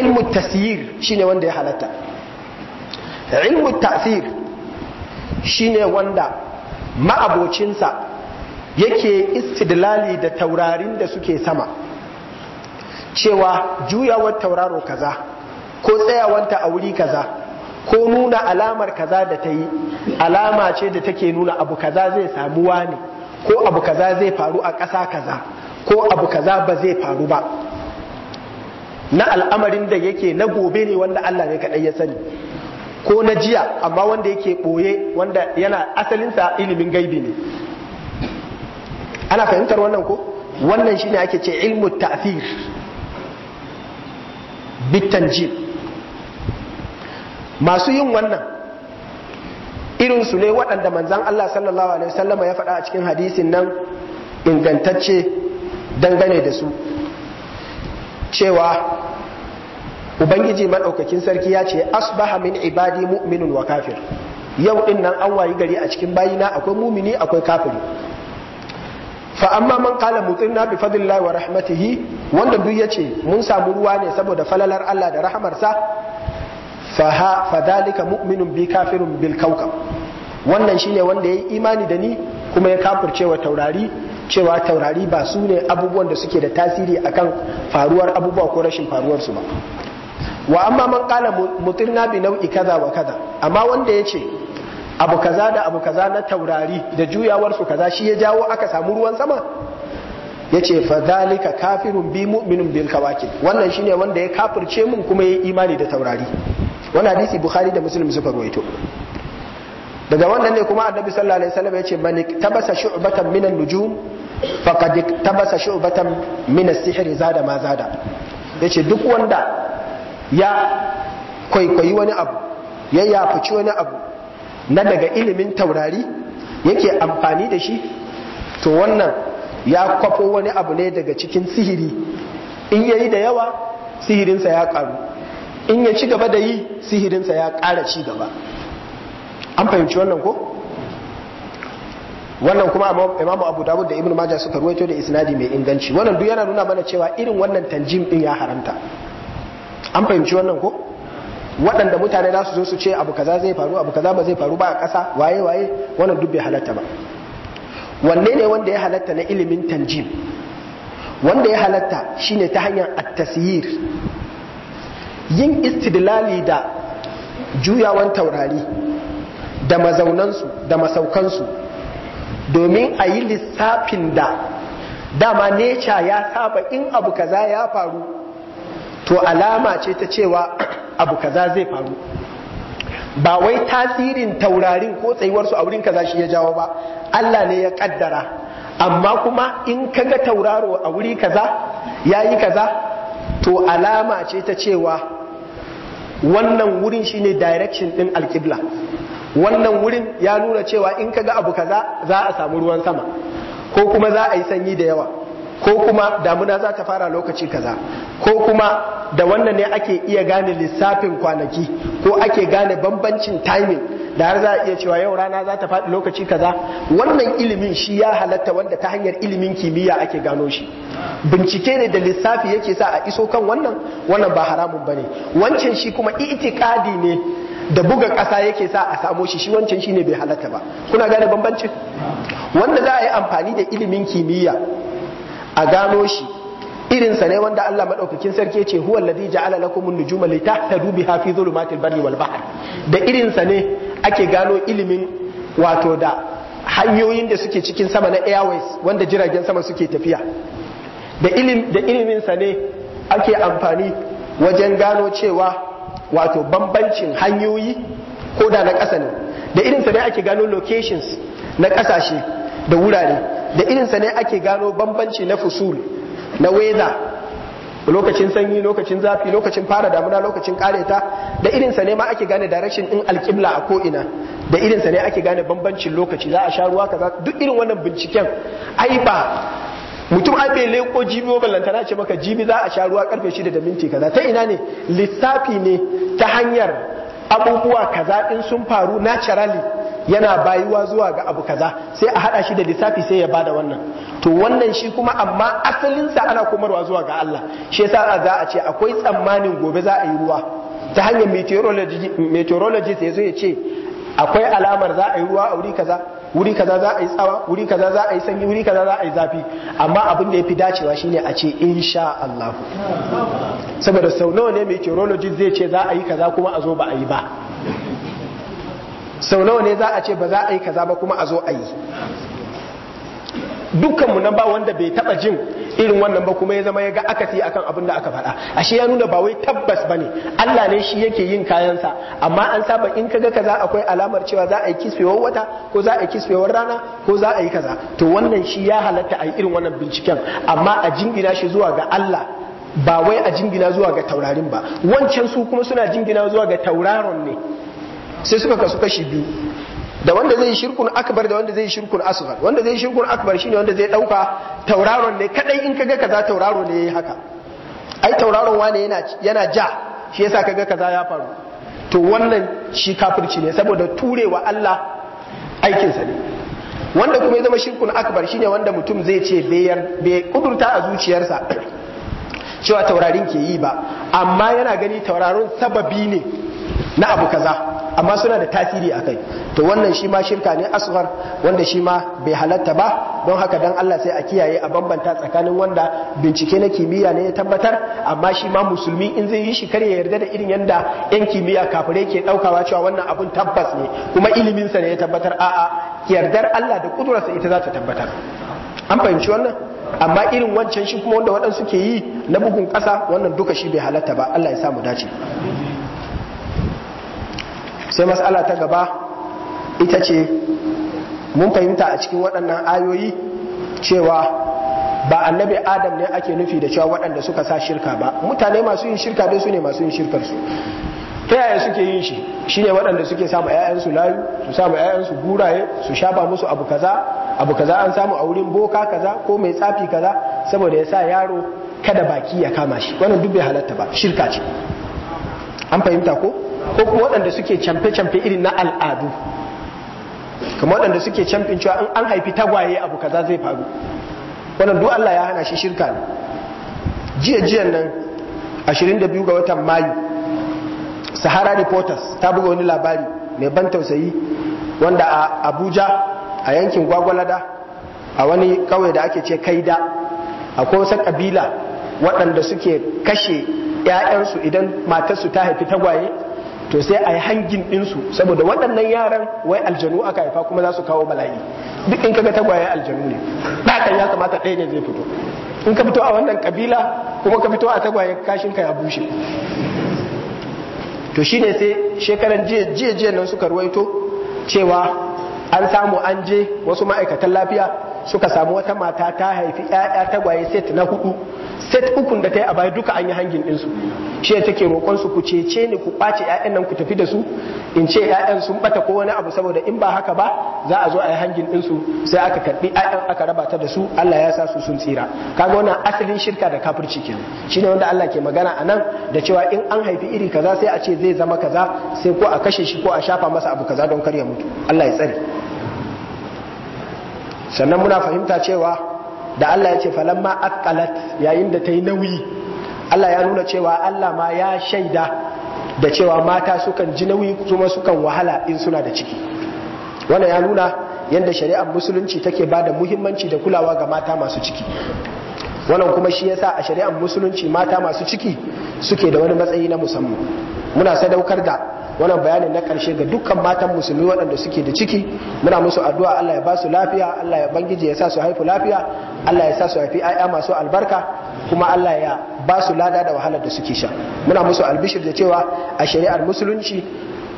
ilmu tasyir shine wanda ya halatta ilmu shi shine wanda ma'abocinsa yake istidlali da taurarin da suke sama cewa juyawar tauraro kaza ko tsayawanta a wuri kaza ko nuna alamar kaza da ta yi alama ce da take nuna abu kaza zai samu wani ko abu kaza zai faru a ƙasa kaza ko abu kaza ba zai faru ba na al'amarin da yake na gobe ne wanda Allah ne kaɗai ya sani ko na jiya amma wanda yake ɓoye wanda yana asalinsa ilimin gaibi ne ana fahimtar wannan ko wannan shine ake ce ilmu ta'thir bitanjil masu yin wannan irinsu ne waɗanda manzan Allah sallallahu alaihi wasallama ya faɗa a cikin hadisin nan ingantacce dangane da su cewa ubangiji maɗaukakin sarki ya ce asbaha min ibadi mu'minun wa kafir yau ɗin nan an wayi gari a cikin bayina akwai mumini akwai kafiri fa amma man qala mutirna bi fadlillahi wa rahmatihi wanda duk yace mun samu ruwa ne saboda falalar Allah da rahamarsa fa ha fa dalika mu'minun bi kafirun bil kawkab wannan shine wanda yayi imani da ni kuma ya wa taurari cewa taurari ba su ne abubuwan da suke da tasiri akan faruwar abubuwa ko rashin faruwar su ba wa amma man qala mutirna bi nau'i kaza wa kaza amma wanda yace abu kaza da abu kaza na taurari da juyawar su kaza shi ya jawo aka samu ruwan sama yace fa zalika kafirun bi mu'minun bil kawakib wannan shine wanda ya kafirce mun kuma yayi imani da taurari wannan hadisi bukhari da muslim suka rawaito daga wannan ne kuma annabi sallallahu alaihi wasallam yace man tabasa shu'batan minan nujum faqad tabasa shu'batan min as-sihr zada ma zada yace duk wanda ya kwaikwayi wani abu ya yafuci wani abu na daga ilimin taurari yake amfani da shi to wannan ya kwafo wani abu ne daga cikin sihiri in ya yi da yawa sihirinsa ya karu in ya ci gaba da yi sihirinsa ya kara ci gaba an fahimci wannan ko wannan kuma imamu abu dawud da ibn majah suka ruwaito da isnadi mai inganci wannan duk yana nuna mana cewa irin wannan tanjim din ya haramta an fahimci wannan ko waɗanda mutane za su zo su ce abu kaza zai faru abu kaza ba zai faru ba a ƙasa waye waye wannan dubbe halatta ba wanne ne wanda ya halatta na ilimin tanjim wanda ya halatta shine ta hanyar at-tasyir yin istidlali da juyawan taurari da mazaunansu da masaukansu domin a yi lissafin da dama neca ya saba in abu kaza ya faru to alama ce ta cewa abu kaza zai faru ba wai tasirin taurarin ko tsayuwarsu a wurin kaza shi ya jawo ba Allah ne ya kaddara amma kuma in kaga tauraro a wuri kaza yayi kaza to alama ce ta cewa wannan wurin shine direction din alkibla wannan wurin ya nuna cewa in ka ga abu kaza za a samu ruwan sama ko kuma za a yi sanyi da yawa ko kuma damuna za ta fara lokaci kaza ko kuma da wannan ne ake iya gane lissafin kwanaki ko ake gane bambancin timing da har za a iya cewa yau rana za ta faɗi lokaci kaza wannan ilimin shi ya halatta wanda ta hanyar ilimin kimiyya ake gano shi bincike ne da lissafi yake sa a iso kan wannan wannan ba haramun bane wancan shi kuma itikadi ne da buga ƙasa yake sa a samo shi shi wancan shine bai halatta ba kuna gane bambancin wanda za a yi amfani da ilimin kimiyya a gano shi irinsa ne wanda Allah madaukakin sarki ce huwa alladhi ja'ala lakumun an-nujuma litahtadu biha fi dhulumatil barri wal bahr da irinsa ne ake gano ilimin wato da hanyoyin da suke cikin sama na airways wanda jiragen sama suke tafiya da ilim da ilimin sa ne ake amfani wajen gano cewa wato bambancin hanyoyi ko da na ƙasa ne da irinsa ne ake gano locations na ƙasashe da wurare da irinsa ne ake gano bambanci na fusul na weda lokacin sanyi lokacin zafi lokacin fara damuna lokacin kareta da irinsa ne ma ake gane direction din alkibla a ko'ina da irinsa ne ake gane bambancin lokaci za a sha ruwa kaza duk irin wannan binciken ai ba mutum a bai leko jibi ba lantana ce maka jibi za a sha ruwa karfe shida da minti kaza ta ina ne lissafi ne ta hanyar abubuwa kaza in sun faru naturally yana bayuwa zuwa ga abu kaza sai a hada shi da lissafi sai ya bada wannan to wannan shi kuma amma asalinsa ana komarwa zuwa ga Allah shi yasa za a ce akwai tsammanin gobe za a yi ruwa ta hanyar meteorologist sai zo ya ce akwai alamar za a yi ruwa a wuri kaza wuri kaza za a yi tsawa wuri kaza za a yi sanyi wuri kaza za a yi zafi amma abin da ya fi dacewa shine a ce insha Allah saboda sau nawa ne meteorologist zai ce za a yi kaza kuma a zo ba a yi ba sau nawa ne za a ce ba za a yi kaza ba kuma a zo a yi dukkanmu nan ba wanda bai taba jin irin wannan ba kuma ya zama ya ga akasi akan abin da aka faɗa ashe ya nuna ba wai tabbas ba ne. Allah ne shi yake yin kayansa amma an saba in kaga kaza akwai alamar cewa za a yi kisfewar wata ko za a yi kisfewar rana ko za a yi kaza to wannan shi ya halatta a yi irin wannan binciken amma a jingina shi zuwa ga Allah ba wai a jingina zuwa ga taurarin ba wancan su kuma suna jingina zuwa ga tauraron ne sai suka kasu kashi biyu da wanda zai shirkun akbar da wanda zai shirkun asghar wanda zai shirkun akbar shine wanda zai dauka tauraron ne kadai in kaga kaza tauraro ne yayi haka ai tauraron wane yana yana ja shi yasa kaga kaza ya faru to wannan shi kafirci ne saboda turewa Allah aikinsa ne wanda kuma ya zama shirkun akbar shine wanda mutum zai ce bai kudurta a zuciyarsa cewa taurarin ke yi ba amma yana gani tauraron sababi ne na abu kaza amma suna da tasiri a kai to wannan shi ma shirka ne asuwar wanda shi ma bai halatta ba don haka dan Allah sai a kiyaye a bambanta tsakanin wanda bincike na kimiyya ne ya tabbatar amma shi ma musulmi in zai yi shi kar ya yarda da irin yanda yan kimiyya kafirai ke daukawa cewa wannan abun tabbas ne kuma ilimin sa ne ya tabbatar a'a yardar Allah da kudurarsa ita za ta tabbatar an fahimci wannan amma irin wancan shi kuma wanda waɗansu ke yi na bugun ƙasa wannan duka shi bai halatta ba Allah ya sa mu dace sai matsala ta gaba ita ce mun fahimta a cikin waɗannan ayoyi cewa ba annabi adam ne ake nufi da cewa waɗanda suka sa shirka ba mutane masu yin shirka dai su ne masu yin shirkarsu ta yaya suke yin shi shi ne waɗanda suke sama 'ya'yansu layu su samu 'ya'yansu guraye su shafa musu abu kaza abu kaza an samu a wurin boka kaza ko mai tsafi kaza saboda ya sa yaro kada baki ya kama shi wannan duk bai halatta ba shirka ce an fahimta ko ko kuma waɗanda suke camfe-camfe irin na al'adu kuma waɗanda suke camfin cewa in an haifi tagwaye abu kaza zai faru wannan duk Allah ya hana shi shirka ne jiya jiyan nan 22 ga watan mayu sahara reporters ta buga wani labari mai ban tausayi wanda a abuja a yankin gwagwalada a wani kawai da ake ce kaida akwai wasu kabila waɗanda suke kashe 'ya'yansu idan matarsu ta haifi tagwaye to sai a yi hangin ɗinsu saboda waɗannan yaran wai aljanu aka haifa kuma za su kawo bala'i duk in kaga tagwaye aljanu ne ɗakan ya kamata ɗaya ne zai fito in ka fito a wannan kabila kuma ka fito a tagwaye kashin ka ya bushe to shine sai shekaran jiya jiya nan suka ruwaito cewa an samu an je wasu ma'aikatan lafiya suka samu wata mata ta haifi ƴaƴa tagwaye set na hudu set ukun da ta yi a baya duka an yi hangin ɗinsu shi ya take roƙon su ku cece ni ku ɓace ƴaƴan nan ku tafi da su in ce yayan sun ɓata ko wani abu saboda in ba haka ba za a zo a yi hangin ɗinsu sai aka karɓi ƴaƴan aka raba ta da su Allah ya sa su sun tsira kaga wannan asalin shirka da kafirci Shi ne wanda Allah ke magana a nan da cewa in an haifi iri kaza sai a ce zai zama kaza sai ko a kashe shi ko a shafa masa abu kaza don kar ya mutu Allah ya tsare sannan muna fahimta cewa da Allah ya ce ma akalat yayin da ta yi nauyi Allah ya nuna cewa Allah ma ya shaida da cewa mata sukan ji nauyi kuma sukan wahala in suna da ciki wannan ya nuna yadda shari'ar musulunci take ba da muhimmanci da kulawa ga mata masu ciki wannan kuma shi yasa a shari'ar musulunci mata masu ciki suke da wani matsayi na musamman muna sadaukar da wannan bayanin na karshe ga dukkan matan musulmi waɗanda suke da ciki muna musu addu'a Allah ya ba su lafiya Allah ya bangije ya sa su haifu lafiya Allah ya sa su haifi ayya masu albarka kuma Allah ya ba su lada da wahalar da suke sha muna musu albishir da cewa a shari'ar musulunci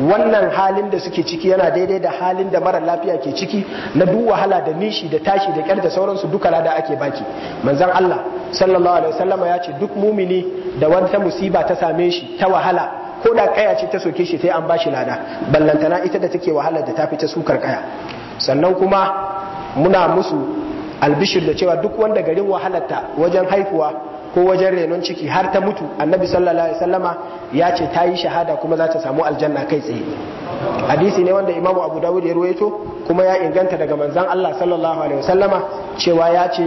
wannan halin da suke ciki yana daidai da halin da mara lafiya ke ciki na duk wahala da nishi da tashi da kyar da sauransu duka lada ake baki manzon Allah sallallahu alaihi wasallama ya ce duk mumini da wata musiba ta same shi ta wahala ko da kaya ce ta soke shi sai an bashi lada ballantana ita da take wahala da tafi ta sukar kaya sannan kuma muna musu albishir da cewa duk wanda garin wahalarta wajen haihuwa ko wajen renon ciki har ta mutu annabi sallallahu alaihi wasallama ya ce ta yi shahada kuma za ta samu aljanna kai tsaye hadisi ne wanda imamu abu dawud ya ruwaito kuma ya inganta daga manzon Allah sallallahu alaihi wasallama cewa ya ce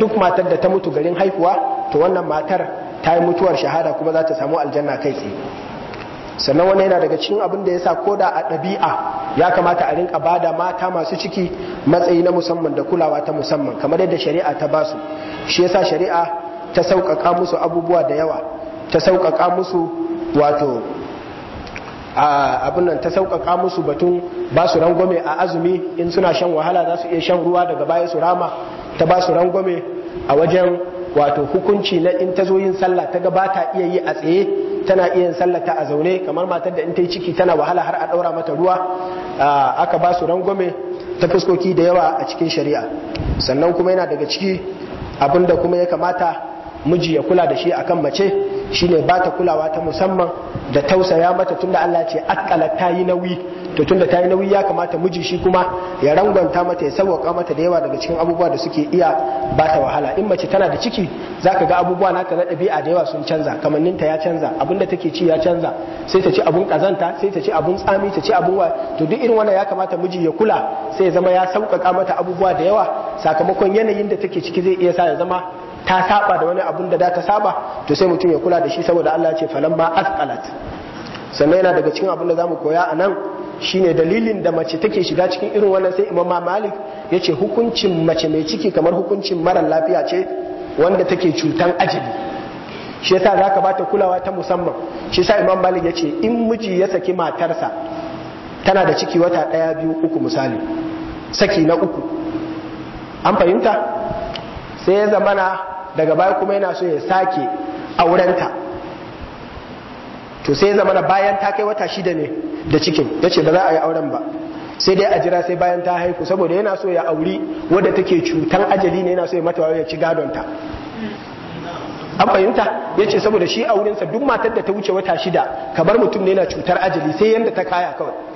duk matar da ta mutu garin haihuwa to wannan matar ta yi mutuwar shahada kuma za ta samu aljanna kai tsaye sannan wani yana daga cikin abin da ya sa koda a ɗabi'a ya kamata a rinka bada mata masu ciki matsayi na musamman da kulawa ta musamman kamar yadda shari'a ta basu shi yasa shari'a ta sauƙaƙa musu abubuwa da yawa ta sauƙaƙa musu wato abin nan ta sauƙaƙa musu batun ba su rangwame a azumi in suna shan wahala za su iya shan ruwa daga baya su rama ta ba su rangwame a wajen wato hukunci na in ta zo yin sallah ta ba ta iya yi a tsaye tana iya yin sallah ta a zaune kamar matar da in ta yi ciki tana wahala har a ɗaura mata ruwa aka ba su rangwame ta fuskoki da yawa a cikin shari'a sannan kuma yana daga ciki abinda kuma ya kamata miji ya kula da shi akan mace shine ba ta kulawa ta musamman da tausaya mata tunda Allah ce akala ta yi nauyi to tunda ta yi nauyi ya kamata miji shi kuma ya rangwanta mata ya sauwaka mata da yawa daga cikin abubuwa da suke iya ba ta wahala in mace tana da ciki zaka ga abubuwa nata na ɗabi'a da yawa sun canza kamanninta ya canza abin da take ci ya canza sai ta ci abun kazanta sai ta ci abun tsami ta ci abun to duk irin wannan ya kamata miji ya kula sai ya zama ya sauƙaƙa mata abubuwa da yawa sakamakon yanayin da take ciki zai iya sa ya zama ta saba da wani abun da da ta saba to sai mutum ya kula da shi saboda Allah ce falan ba asqalat sannan yana daga cikin abun da zamu koya anan shine dalilin da mace take shiga cikin irin wannan sai Imam Malik yace hukuncin mace mai ciki kamar hukuncin mara lafiya ce wanda take cutan ajali shi yasa zaka bata kulawa ta musamman shi yasa Imam Malik yace in miji ya saki matarsa tana da ciki wata ɗaya biyu uku misali saki na uku an fahimta sai ya zamana daga baya kuma yana so ya sake aurenta to sai ya zamana bayan ta kai wata shida ne da cikin ya ce ba za a yi auren ba sai dai a jira sai bayan ta haihu saboda yana so ya auri wadda take cutan ajali ne yana so ya matawa ya ci gadonta an fahimta ya ce saboda shi a duk matar da ta wuce wata shida kamar mutum ne yana cutar ajali sai yadda ta kaya kawai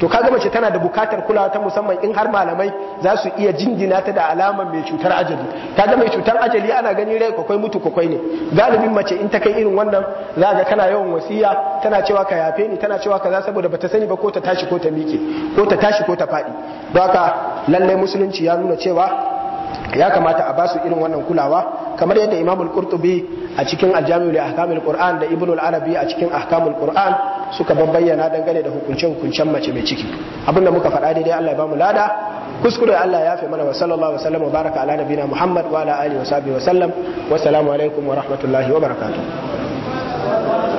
to kaga mace tana da bukatar kulawa ta musamman in har malamai za su iya jingina ta da alamar mai cutar ajali kaga mai cutar ajali ana gani rai kwakwai mutu kwakwai ne galibin mace in ta kai irin wannan za ga kana yawan wasiya tana cewa ka yafe ni tana cewa ka za saboda bata sani ba ko ta tashi ko ta mike ko ta tashi ko ta faɗi don haka lallai musulunci ya nuna cewa ya kamata a basu irin wannan kulawa kamar yadda Imam al-Qurtubi a cikin al-Jami' li ahkamil Qur'an da ibnu al-Arabi a cikin ahkamul Qur'an suka bayyana dangane da hukunce hukuncen mace mai ciki abinda muka faɗa dai Allah ya bamu lada kuskure Allah ya yafe mana wa sallallahu wa sallam wa baraka ala nabina Muhammad wa ala alihi wa sahbihi wa sallam wa assalamu alaikum wa rahmatullahi wa barakatuh